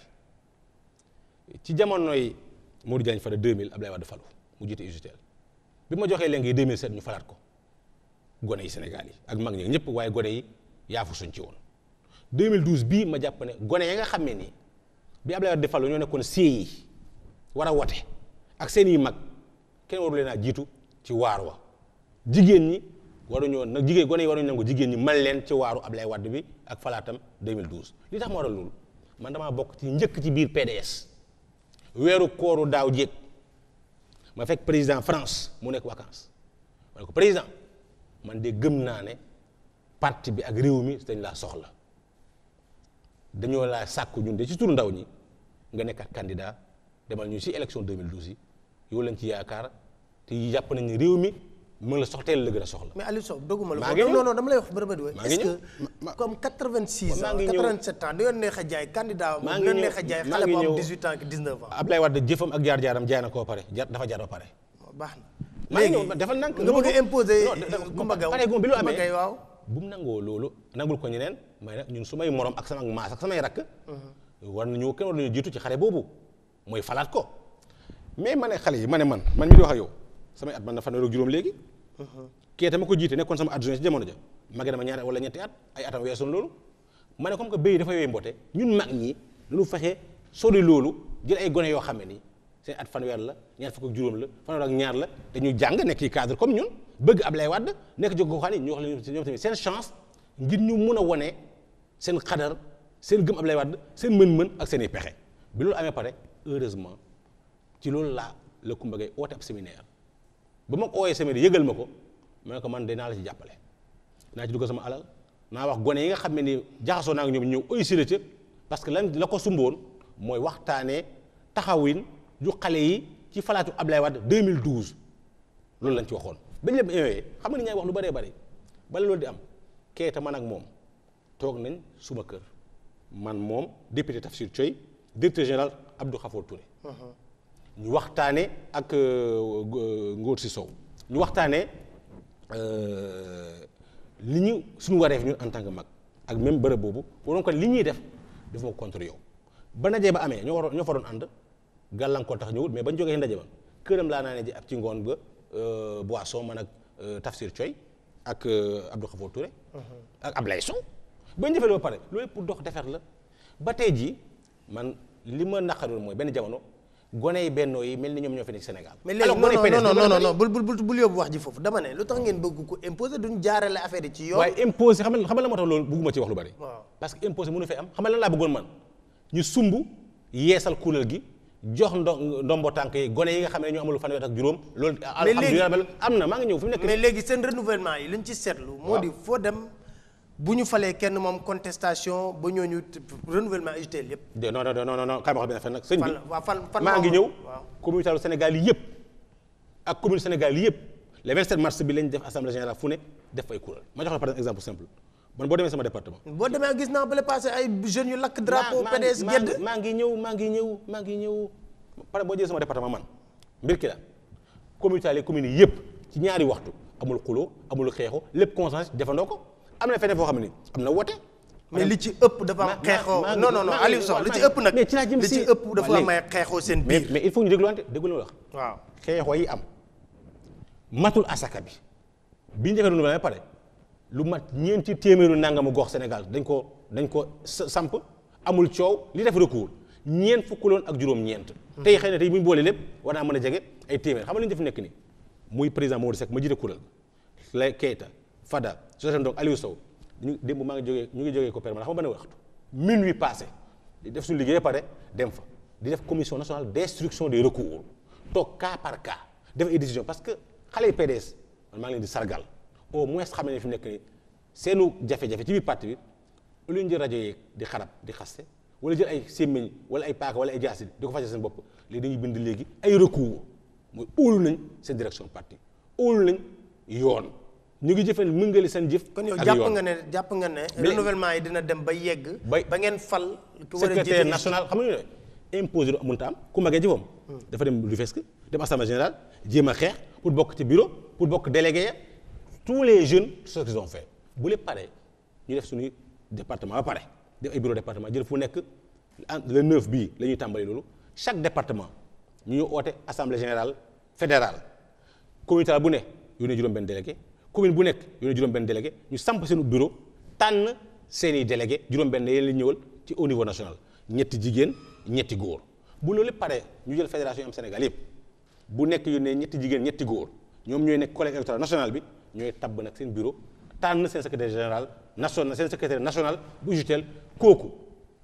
ci jamonoy Modou Diagne Fada 2000 Abdoulaye Wade falu mu jiite UGTEL bi ma joxee léegi 2007 ñu falaat ko gone yi Sénégal yi ak mag ñi ñëpp waaye gone yi yaafu ci woon 2012 bii ma jàpp ne gone nga xam ne nii bi falu ñoo nekkoon CI yi war a wote ak seen i mag. kenn waru leen a jiitu ci waar wa jigéen ñi waruñoo nag jigéen gone yi waruñu nangu jigéen ñi man leen ci waaru Ablaye Wade bi ak falaatam 2012 li tax ma waral loolu man damaa bokk ci njëkk ci biir PDS weeru kooru daaw jéeg ma fekk président France mu nekk vacances ma ko président man de gëm naa ne parti bi ak réew mi dañ laa soxla dañoo laa sàkku ñun de ci turu ndaw ñi nga nekkat candidat demal ñu ci élection 2012 yi yow lañ ci yaakaar te jàpp nañ ne réew mi mu ngi la soxla teel la gën a soxla. mais Aliou Sow dëgguma la. non non dama lay wax Boubacar Doué. est-ce que comme 86 ans 87 a maa ngi ñëw a jaay xale bu am 18 ans ak 19 ans. Abdoulaye Wade jëfam ak jaar-jaaram jaay na koo pare jar dafa jaar ba pare. baax na a imposer. Kumba Gaw pare bi lu amee waaw. bu nangul ko ñeneen may nag ñun su may ak sama maas ak samay rakk. Mhm. war nañu kenn war nañu jiitu ci xare boobu mooy falaat ko mais ma ne xale yi ma ne man man mi di wax ak yow samay at man na fanweer ak juróom léegi kee tama ko jiite nekkoon sama adjoint ci jamono ja mage dama ñaari wala ñetti at ay atam weesoon loolu ma ne comme que béy dafa yooyu ñun mag ñi lu fexe sori loolu jël ay gone yoo xam ne nii seen at fanweer la ñaar fukk ak juróom la fanweer ak ñaar la dañu jàng nekk ci cadre comme ñun bëgg Ablaye Wade nekk jóg goxaan yi ñu wax leen ñoom tamit seen chance ngir ñu mun a wone seen xadar seen gëm Ablaye Wade seen mën-mën ak seen i pexe bi loolu amee pare heureusement ci loolu laa la Coumba Gaye oote ba ma ko ooyee samedi yëgal ma ko ma ne ko man de naa la ci jàppale naa ci dugg sama alal naa wax gone yi nga xam ne ni jaxasoo naa ñoom ñëw oy silete parce que lan la ko sumboon mooy waxtaanee taxawin ju xale yi ci falaatu Ablaye Wade 2012 loolu lañ ci waxoon bañ leen ñëwee xam nga ni ñaay wax lu bare bëri bala loolu di am kee te man ak moom toog nañ suma kër man moom député Tafsir Thioye directeur général Abdou Khafour Touré uh-huh. ñu waxtaane ak euh, Ngor si Sow ñu waxtaane euh, li ñu suñu wareef ñun en que mag ak même bërëb boobu waroon ko li ñuy def def ma contre yow ba ndaje ba amee ñoo waroon ñoo fa doon ànd gàllankoor tax ñëwul mais bañ jógee ndaje ba këram laa naa ne ji ab ci ngoon ba euh, boisson man ak Tafsir Thioy ak Abdou Khafour Touré mhm. ak Ablaye Sow bañ defee ba pare loolu pour dox defar la ba tey ji man li ma naqaroon mooy benn jamono gone yi bennoo yi mel ni ñoom ñoo fi Sénégal. mais léegi non non non non bul bul bul yóbbu wax ji foofu dama ne lu tax ngeen bëgg ko imposer duñ jaarale affaire yi ci yoon. waaye imposer xam la moo tax loolu bëgguma ci wax lu bari. parce que mënu fee am xam nga laa bëggoon man ñu sumb yeesal kuréel gi jox ndo ndombo tànk yi gone yi nga xam ne ñoo amul fanweer ak juróom. loolu alhamdulilah na maa ngi ñëw fi mu nekk. mais léegi seen renouvellement yi luñ ci moo di foo bu ñu falee kenn moom contestation ba ñooñu renouvellement UGTL yépp non non non no no ma xam ne nag maa ngi ñëw commune talu Sénégal yi yëpp ak commune Sénégal yi yëpp le 27 mars bi lañ def assemblée générale fu ne def fay kuréel ma jox la par exemple boo demee sama département boo demee gis naa bale passé ay jeunes yu lakk maa ngi ñëw maa ngi ñëw maa ngi ñëw pare boo jëlee sama département man mbir ki la commune talu yi yëpp ci ñaari waxtu amul xuloo amul xeexu lépp conscience defandoo ko am na feneen foo xam ne am na woote. mais li ci ëpp dafa xeexoo non non non Aliou li ci ëpp nag. mais ci laa jëm si li ci ëpp dafa seen biir. mais il faut ñu dégluwante déglu ma wax. waaw xeexoo yi am matul asaka bi bi ñu defee renouvellement lu mat ñeenti téeméeru nangamu gox Sénégal dañ ko dañ ko samp amul coow li def recours ñeent fukk loon ak juróom-ñeent. Hmm. tey xëy na tey bu boole lépp war naa mën a jege ay téeméer xam nga li ñu def nekk nii muy président Mamadou Seck ma jiite kuréel lay Keita Fada Socone donc Aliou Sow ñu démb maa ngi jógee ñu ngi jógee ko permanent xam nga benn waxtu minuit passé di def suñu liggéey pare dem fa di def commission nationale d'instruction des recours toog cas par cas def ay décision parce que xale yi PDS man maa ngi leen di sargal au moins xam ne fi nekk nii seenu jafe-jafe ci biir parti bi lu ñu jël rajo yeeg di xarab di xaste wala jël ay sémmiñ wala ay paaka wala ay jaasi di ko fàccee seen bopp léegi dañuy bind léegi ay recours mooy óolu nañ seen direction parti óolu nañ yoon ñu ngi jëfal mëngali seen jëf. kon yow jàpp nga ne jàpp nga ne. renouvellement yi dina dem ba yegg. ba ngeen fal. ku war a jiite secrétaire national xam nga ne imposé lu mënta am ku magee jëfam. dafa dem Rufisque dem assemblée générale jéem a xeex pour bokk ci bureau pour bokk délégué ya tous les jeunes ce qu'ils ont bu leen paree ñu def suñuy département ba pare def ay bureau département jël fu nekk le neuf bii la ñuy tàmbali loolu chaque département ñu ñu oote assemblée générale fédérale bu ne yónnee juróom-benn commune bu nekk yónnee juróom-benn délégué ñu samp seen bureau tànn seen i délégué juróom-benn yéen li ñëwal ci au niveau national ñetti jigéen ñetti góor bu loolu pare ñu jël fédération yi am Sénégal yëpp bu nekk ne ñetti jigéen ñetti góor ñoom ñooy nekk collège électoral national bi ñooy tabb nag seen bureau tànn seen secrétaire général national seen secrétaire national bu juteel kooku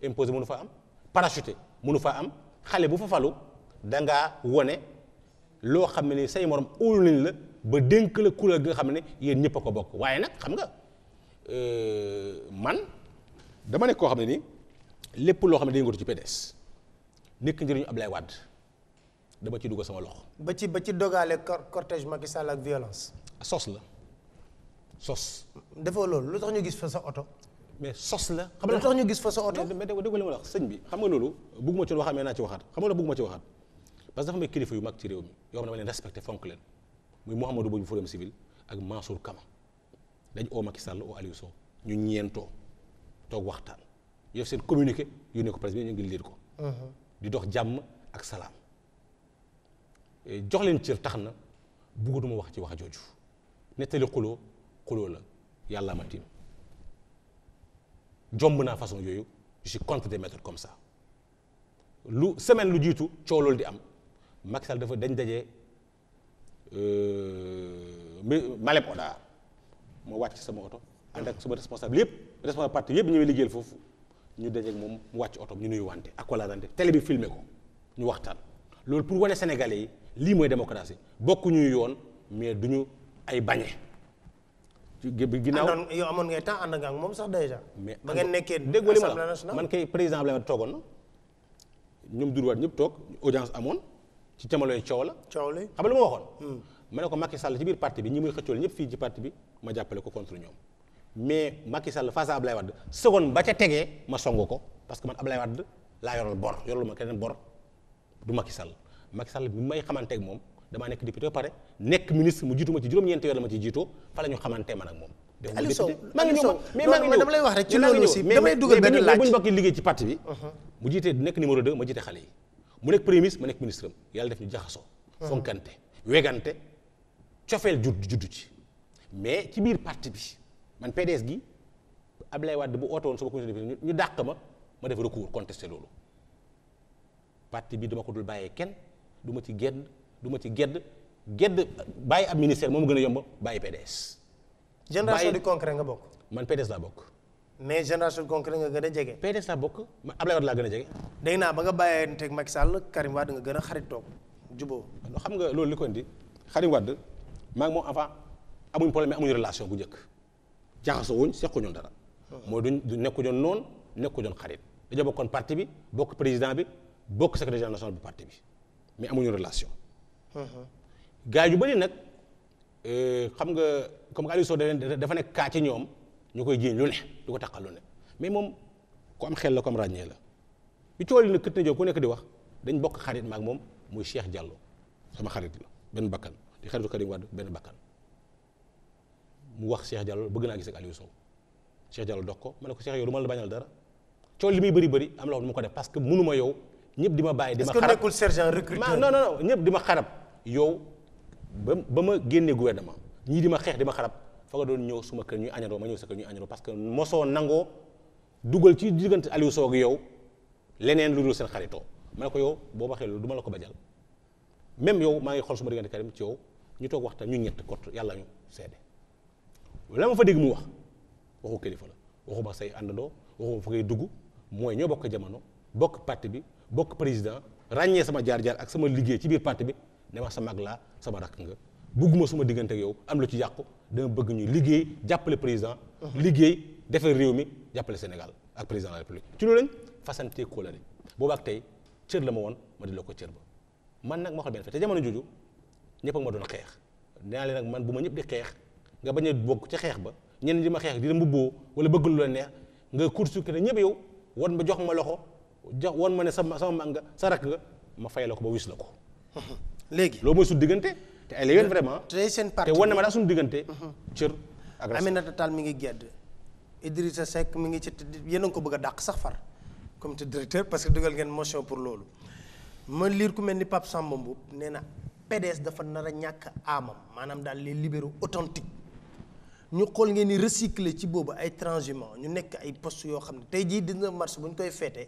imposé mënu faa am parachuté mënu faa am xale bu fa falu da wone loo xam ne ni say morom óolu la ba dénk la couleur gi nga xam ne yéen ñëpp a ko bokk waaye nag xam nga euh, man dama nekk koo xam ne ni lépp loo xam ne day yëngatu ci PDS nekk njëriñu Ablaye Wade dama ci dugg sama loxo. ba ci ba ci dogaale cortège Macky Sall ak violence. sos la sos. defoo loolu lu tax ñu gis fa sa oto. mais sos la. xam nga lu tax ñu gis fa sa oto mais dégg nga li ma la wax sëñ bi xam nga loolu bugguma ci waxaat mais naa ci waxaat xam nga la bugguma ci waxaat parce dafa may kilifa yu mag ci réew mi yoo xam ne dama fonk leen. muy Mouhamadou Boun Forum Civil ak Mansour Kama dañ oo Macky oo Aliou ñu ñeentoo toog waxtaan ñu seen communiqué yónnee ko président ñu ngi liir ko. Mhm. di dox jàmm ak salaam. jox leen cër tax na bëggatuma wax ci wax jooju nettali xuloo xuloo la yàlla ma tiim jomb naa façon yooyu je suis contre des méthodes comme ça lu semaine lu jiitu coow loolu di am Macky dafa dañ dajee Euh, Malem Odar ma wàcc sama oto ànd ak sama responsable yëpp responsable parti yëpp ñëwee liggéeyal foofu ñu dajeeg moom mu wàcc oto ñu nuy wante ak wala rante télé bi filmé ko ñu waxtaan loolu pour wane Sénégalais yi lii mooy démocratie bokkuñu yoon mais du ñu ay bañe ginnaaw àndoon yow amoon ngay temps ànd nga ak moom sax déjà. mais ba ngeen nekkee déggoo li ma la man kay président Abdoulaye Wade toogoon na ñoom Doudou Wade ñëpp toog audience amoon. ci jamonoy coow la. coow xam nga lu ma waxoon. Hmm. ma ne ko Macky Sall ci biir parti bi ñi muy xëccool ñëpp fii ci parti bi ma jàppale ko contre ñoom mais Macky Sall face à Ablaye Wade seconde ba ca tegee ma songu ko parce que man Ablaye Wade laa yoral bor yoralu ma keneen bor du Macky Sall Macky Sall bi may xamante ak moom damaa nekk député ba pare nekk ministre mu jiitu ci juróom-ñeenti weer ma ci jiitoo fa la ñu man ak moom. Aliou mu jiitee ma jiite xale yi mu nekk premier ministre ma nekk ministre am yàlla def ñu jaxasoo. fonkante ah. wegante cofeel judd juddu ci. mais ci biir parti bi man PDS gi Ablaye Wade bu oote woon sama comité ñu dàq ma ma def recours contesté loolu parti bi duma ko dul bàyyee kenn du ma ci gedd du ma ci gedd gedd bàyyi ab ministère moom gën a yomb bàyyi PDS. génération du concret nga bokk. man PDS laa bokk. mais génération concret nga gën a jege. PDS laa bokk man Abdoulaye Wade laa gën a jege. dégg naa ba nga bàyyee teg Macky Sall Karim Wade nga gën a xarit toog jubóo. xam nga loolu li ko indi Karim Wade maa ngi moom avant amuñ problème mais amuñu relation bu njëkk jaxasoo wuñ sequñu dara. mooy duñ du nekkuñu noonu nekkuñu xarit dañoo bokkoon parti bi bokk président bi bokk secrétaire général national bu parti bi mais amuñu relation. gars yu bëri nag euh, xam nga comme Aliou Sow dafa nekk kaa ci ñoom. ñu koy jiiñ lu ne du ko taqal lu ne mais moom ku am xel la ko am ràññee la bi coow li na kët na jow ku nekk di wax dañ bokk xarit maag moom muy Cheikh Diallo sama xarit la benn bakkan di xaritu Karim Wade benn bakkan mu wax Cheikh Diallo bëgg naa gis ak Aliou Sow Cheikh Diallo dox ko ma ne ko seex yow du ma la bañal dara coow li muy bëri bëri am la wax mu ko def parce que mënuma yow ñëpp di ma bàyyi di ma xarab est-ce que nekkul sergent recruteur non ñëpp di ma xarab yow ba ba ma génnee gouvernement ñii di ma xeex di ma xarab fa nga doon ñëw suma kër ñuy añaroo ma ñëw sa kër ñuy añaroo parce que mosoo nangoo dugal ci diggante Aliou Sow yow leneen lu dul seen xaritoo ma ne ko yow boo waxee loolu du la ko bajal même yow maa ngi xool suma diggante Karim ci yow ñu toog waxtaan ñu ñett kot yàlla ñu seede la ma fa dégg mu wax waxu kilifa la waxu ba say àndandoo waxu fa ngay dugg mooy ñoo bokk jamono bokk parti bi bokk président ràññee sama jaar-jaar ak sama liggéey ci biir parti bi ne ma sa mag laa sama rakk bugguma suma diggante ak yow am lu ci yàqu dama bëgg ñu liggéey jàppale président. liggéey defar réew mi jàppale Sénégal ak président de la République. ci loolu lañ fasante kóolare boobu ak tey cër la ma woon ma di la ko cër ba man nag ma xool benn fii te jamono jooju ñëpp ma doon xeex nee nag man bu ma ñëpp di xeex nga bañ a bokk ca xeex ba ñenn di ma xeex di dem mbubboo wala bëgg lu la neex nga kursuke ne ñëpp yow won ma jox ma loxo jox won ma ne sama sama mag nga sa ma fay la ko ba wis la ko. léegi loolu te ay léegi vraiment te seen parti te ma daal suñu diggante. Mm-hmm. cër ak respect Aminata ngi gedd Idrissa Seck mi ngi ci yéen a ko bëgg a dàq sax far comité directeur parce que dugal ngeen motion pour loolu ma liir ku mel ni Pape Samba Mboup nee na PDS dafa nar a ñàkk aamam maanaam daal les libéraux authentiques ñu xool ngeen ni recycler ci boobu ay transhumants ñu nekk ay post yoo xam ne tey jii 19 mars bu ñu koy feete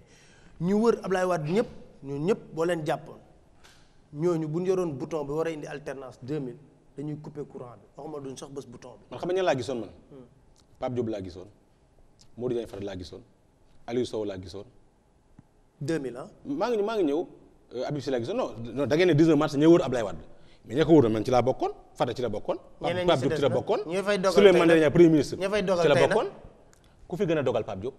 ñu wër Ablaye Wade ñëpp ñu ñëpp boo leen jàpp ñooñu bu ñu yoroon bouton bi war a indi alternance 2000 dañuy couper courant bi waxuma duñ sax bës bouton bi. man xam nga laa gisoon man. Pape Diop laa gisoon Modou Diagne laa gisoon Aliou Sow laa gisoon. 2000 ah. maa ngi maa ngi ñëw euh, Habib Sy laa gisoon non non da ngeen ne 19 mars ñëw wër Ablaye Wade mais ña ko wóoroon man ci laa bokkoon Fada ci la bokkoon. ñeneen ñi si des na Pape Diop ci la bokkoon. ñoo fay dogal ministre. ci la bokkoon ku fi gën a dogal Pape Diop.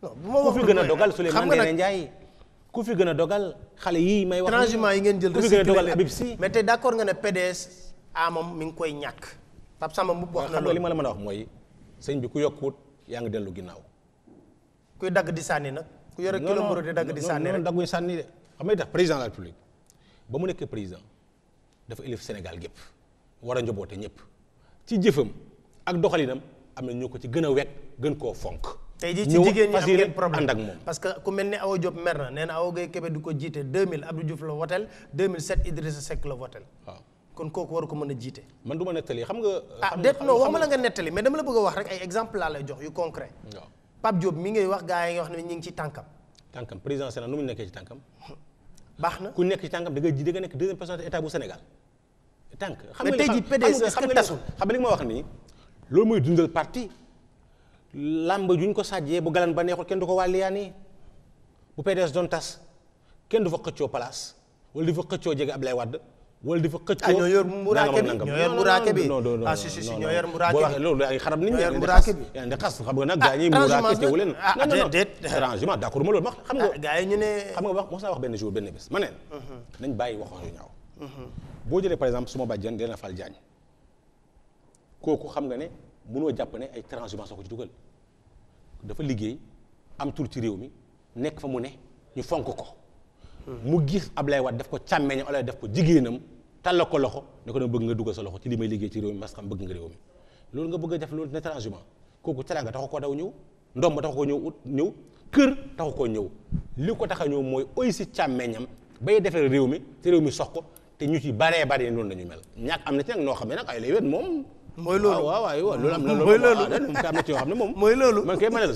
ku fi gën a dogal Souleymane Ndéné Ndiaye ku fi gën a dogal xale yii may wax. transhumant yi ngeen jël ku fi gën a dogal Habib Sy mais tey d'accord nga ne PDS amam mi ngi koy ñàkk. Pape Samba Mboup wax na loolu li ma la mën a wax mooy sëñ bi ku yokkuut yaa ngi dellu ginnaaw. kuy dagg di sànni nag. ku yore kilo mburu di dagg di sànni rek dagguy sànni de xam nga tax président de la République ba mu nekk président dafa élif Sénégal gépp war a njoboote ñëpp ci jëfam ak doxalinam am na ñu ko ci gën a wekk gën koo fonk. tey jii ci jigéen ñi am ngeen problème parce que ku mel ni Awa Diop mer na nee na Awa Gueye Kébé du ko jiite 2000 Abdou Diouf la wotel 2007 Idrissa Seck la wotel kon kooku waru ko mën a jiite man du nettali xam nga ah déet non wax ma la nga nettali mais dama la bëgg a wax rek ay exemple laa lay jox yu concret waaw Pape Diop mi wax gaa yi nga wax ne ñi ngi ci tànkam tànkam président Sénat nu mu nekkee ci tànkam baax na ku nekk ci tànkam da nga ji da nga nekk deuxième personnalité état bu Sénégal tànk xam nga tey jii PDS est-ce parti làmb juñ ko sàjjee bu galan ba neexul kenn du ko wàlliyaani bu PDS doon tas kenn du fa xëccoo place wala di fa xëccoo jege Ablaye Wade wala di fa xëccoo. ah ñoo yor muraake bi ñoo yor muraake boo xam nga nag. gaa ñi muraake teewu wax xam nga. Ah, yi ñu ne xam wax benn jour benn bés ma neen. Mhm. nañ bàyyi wax yu ñaaw. Mhm. boo jëlee par exemple suma bàjjan dina fal jaañ kooku xam nga ne mënoo jàpp ne ay transhumance ko ci dugal dafa liggéey am tur ci réew mi nekk fa mu ne ñu fonk ko mu gis Ablaye Wade def ko càmmeñam Ablaye def ko jigéenam tàllal ko loxo ne ko dama bëgg dugal sa loxo ci li may liggéey ci réew mi bëgg nga réew loolu nga bëgg def loolu ne transhumant kooku teranga taxu ko daw ñëw ndomb taxu ko ñëw ut ñëw kër taxu ko ñëw li ko taxa ñëw mooy oy si càmmeñam bay defee réew mi te réew mi sox ko te ñu ci baree bari noonu la ñu mel ñàkk am na ci nag noo xam ne nag ay lay wet moom mooy loolu waaw waaw waaw loolu am loolu mooy loolu da moom am na ci yoo xam ne moom mooy loolu man kay ma ne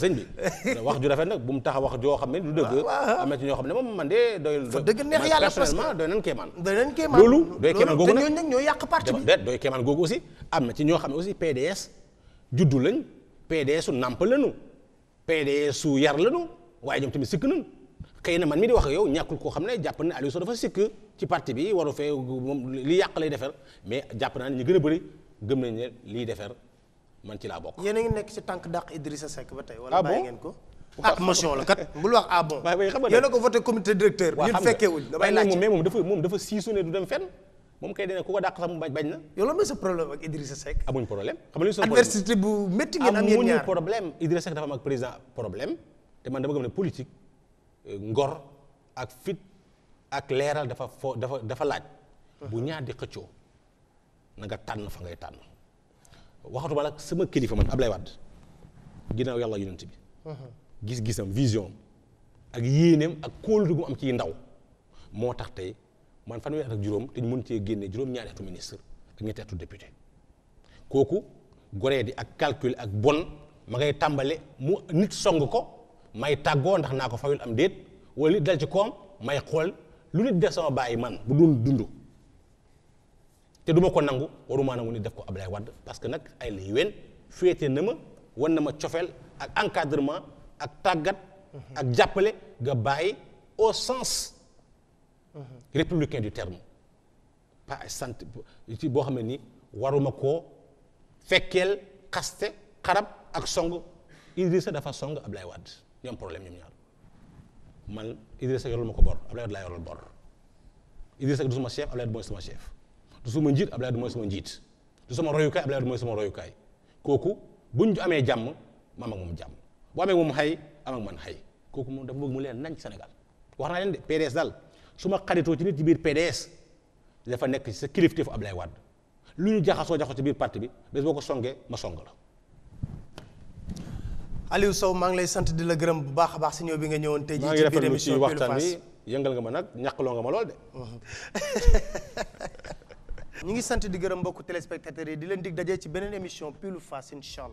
mu tax joo xam ne dëgg am na ci ñoo moom man de doy dëgg neex yàlla personnellement doy nañ kéemaan doy nañ kéemaan loolu doy kéemaan googu nag nag ñoo yàq parti bi doy kéemaan am na ci ñoo xam ne PDS juddu lañ PDS su nàmp lañu PDS su yar lañu waaye ñoom tamit sikk nañ xëy na man mi di wax yow ñàkkul koo xam ne jàpp na Aliou Sow dafa sikk ci parti bi waru fee moom li yàq lay defar mais jàpp naa ne ñu gën a gëm nañ ne liy defar man ci laa bokk. yéen a ngi nekk ci tànk dàq Idrissa Seck ba tey. wala ah bàyyi ngeen ko ak ah, motion la kat bul wax ah bon. waaye xam nga yéen a ko voté comité directeur. waaw ñun fekkeewuñ damay laaj mais moom dafa moom dafa siisonné du dem fenn. moom kay dana ku ko dàq sax mu bañ na. yow la mooy sa problème ak Idrissa Seck. amuñ problème xam nga lu ñu adversité bu métti ngeen am yéen ñaar amuñu problème Idrissa Seck dafa am ak problème te man dama gëm ne politique euh, ngor ak fit ak leeral dafa fo dafa dafa laaj. bu ñaar di xëccoo na nga tànn fa ngay tànn waxatuma nag sama kilifa man Ablaye Wade ginnaaw yàlla yonent bi gis-gisam vision ak yéeneem ak kóolute gu am ci ndaw moo tax tey man fanweeri at ak juróom te ñu mën cee génne juróom-ñaari atu ministre ak ñetti atu kooku goree ak calcul ak bon ma ngay tàmbale mu nit song ko may tàggoo ndax naa ko fayul am déet wala li dal ci koom may xool lu nit def sama bàyyi man bu dund te du ma ko nangu waruma nangu ni def ko Ablaye Wade parce que nag ay la yéwén féete na wan na ma cofeel ak encadrement ak tàggat ak jàppale nga bàyyi au sens républicain du terme pas boo xam ne ni waruma koo fekkeel xaste xarab ak song Idrissa dafa song Ablaye Wade ñoom problème ñoom ñaar man Idrissa yorul ma ko bor Ablaye Wade laa yorul bor Idrissa du sama chef Ablaye Wade mooy sama chef du suma njiit Abdoulaye Wade mooy suma njiit du sama royukaay Abdoulaye Wade mooy sama royukaay kooku bu buñ amee jàmm ma am ak moom jàmm bu amee moom xay am man xay kooku moom dafa bëgg mu leen nañ senegal wax naa leen de PDS daal su ma xaritoo ci nit ci biir PDS dafa nekk ci sa kilifteefu Abdoulaye Wade lu ñu jaxasoo jaxasoo ci biir part bi bés boo ko songee ma song la. Aliou Sow maa ngi lay sant di la gërëm bu baax a baax si ñëw bi nga ñëwoon tey jii ci biir émission bi maa ngi nga ma nag ñàkkloo ma lool de. ñi ngi sant di gërëm mbokku téléspectateurs yi di leen dig daje ci beneen émission Pile ou Face incha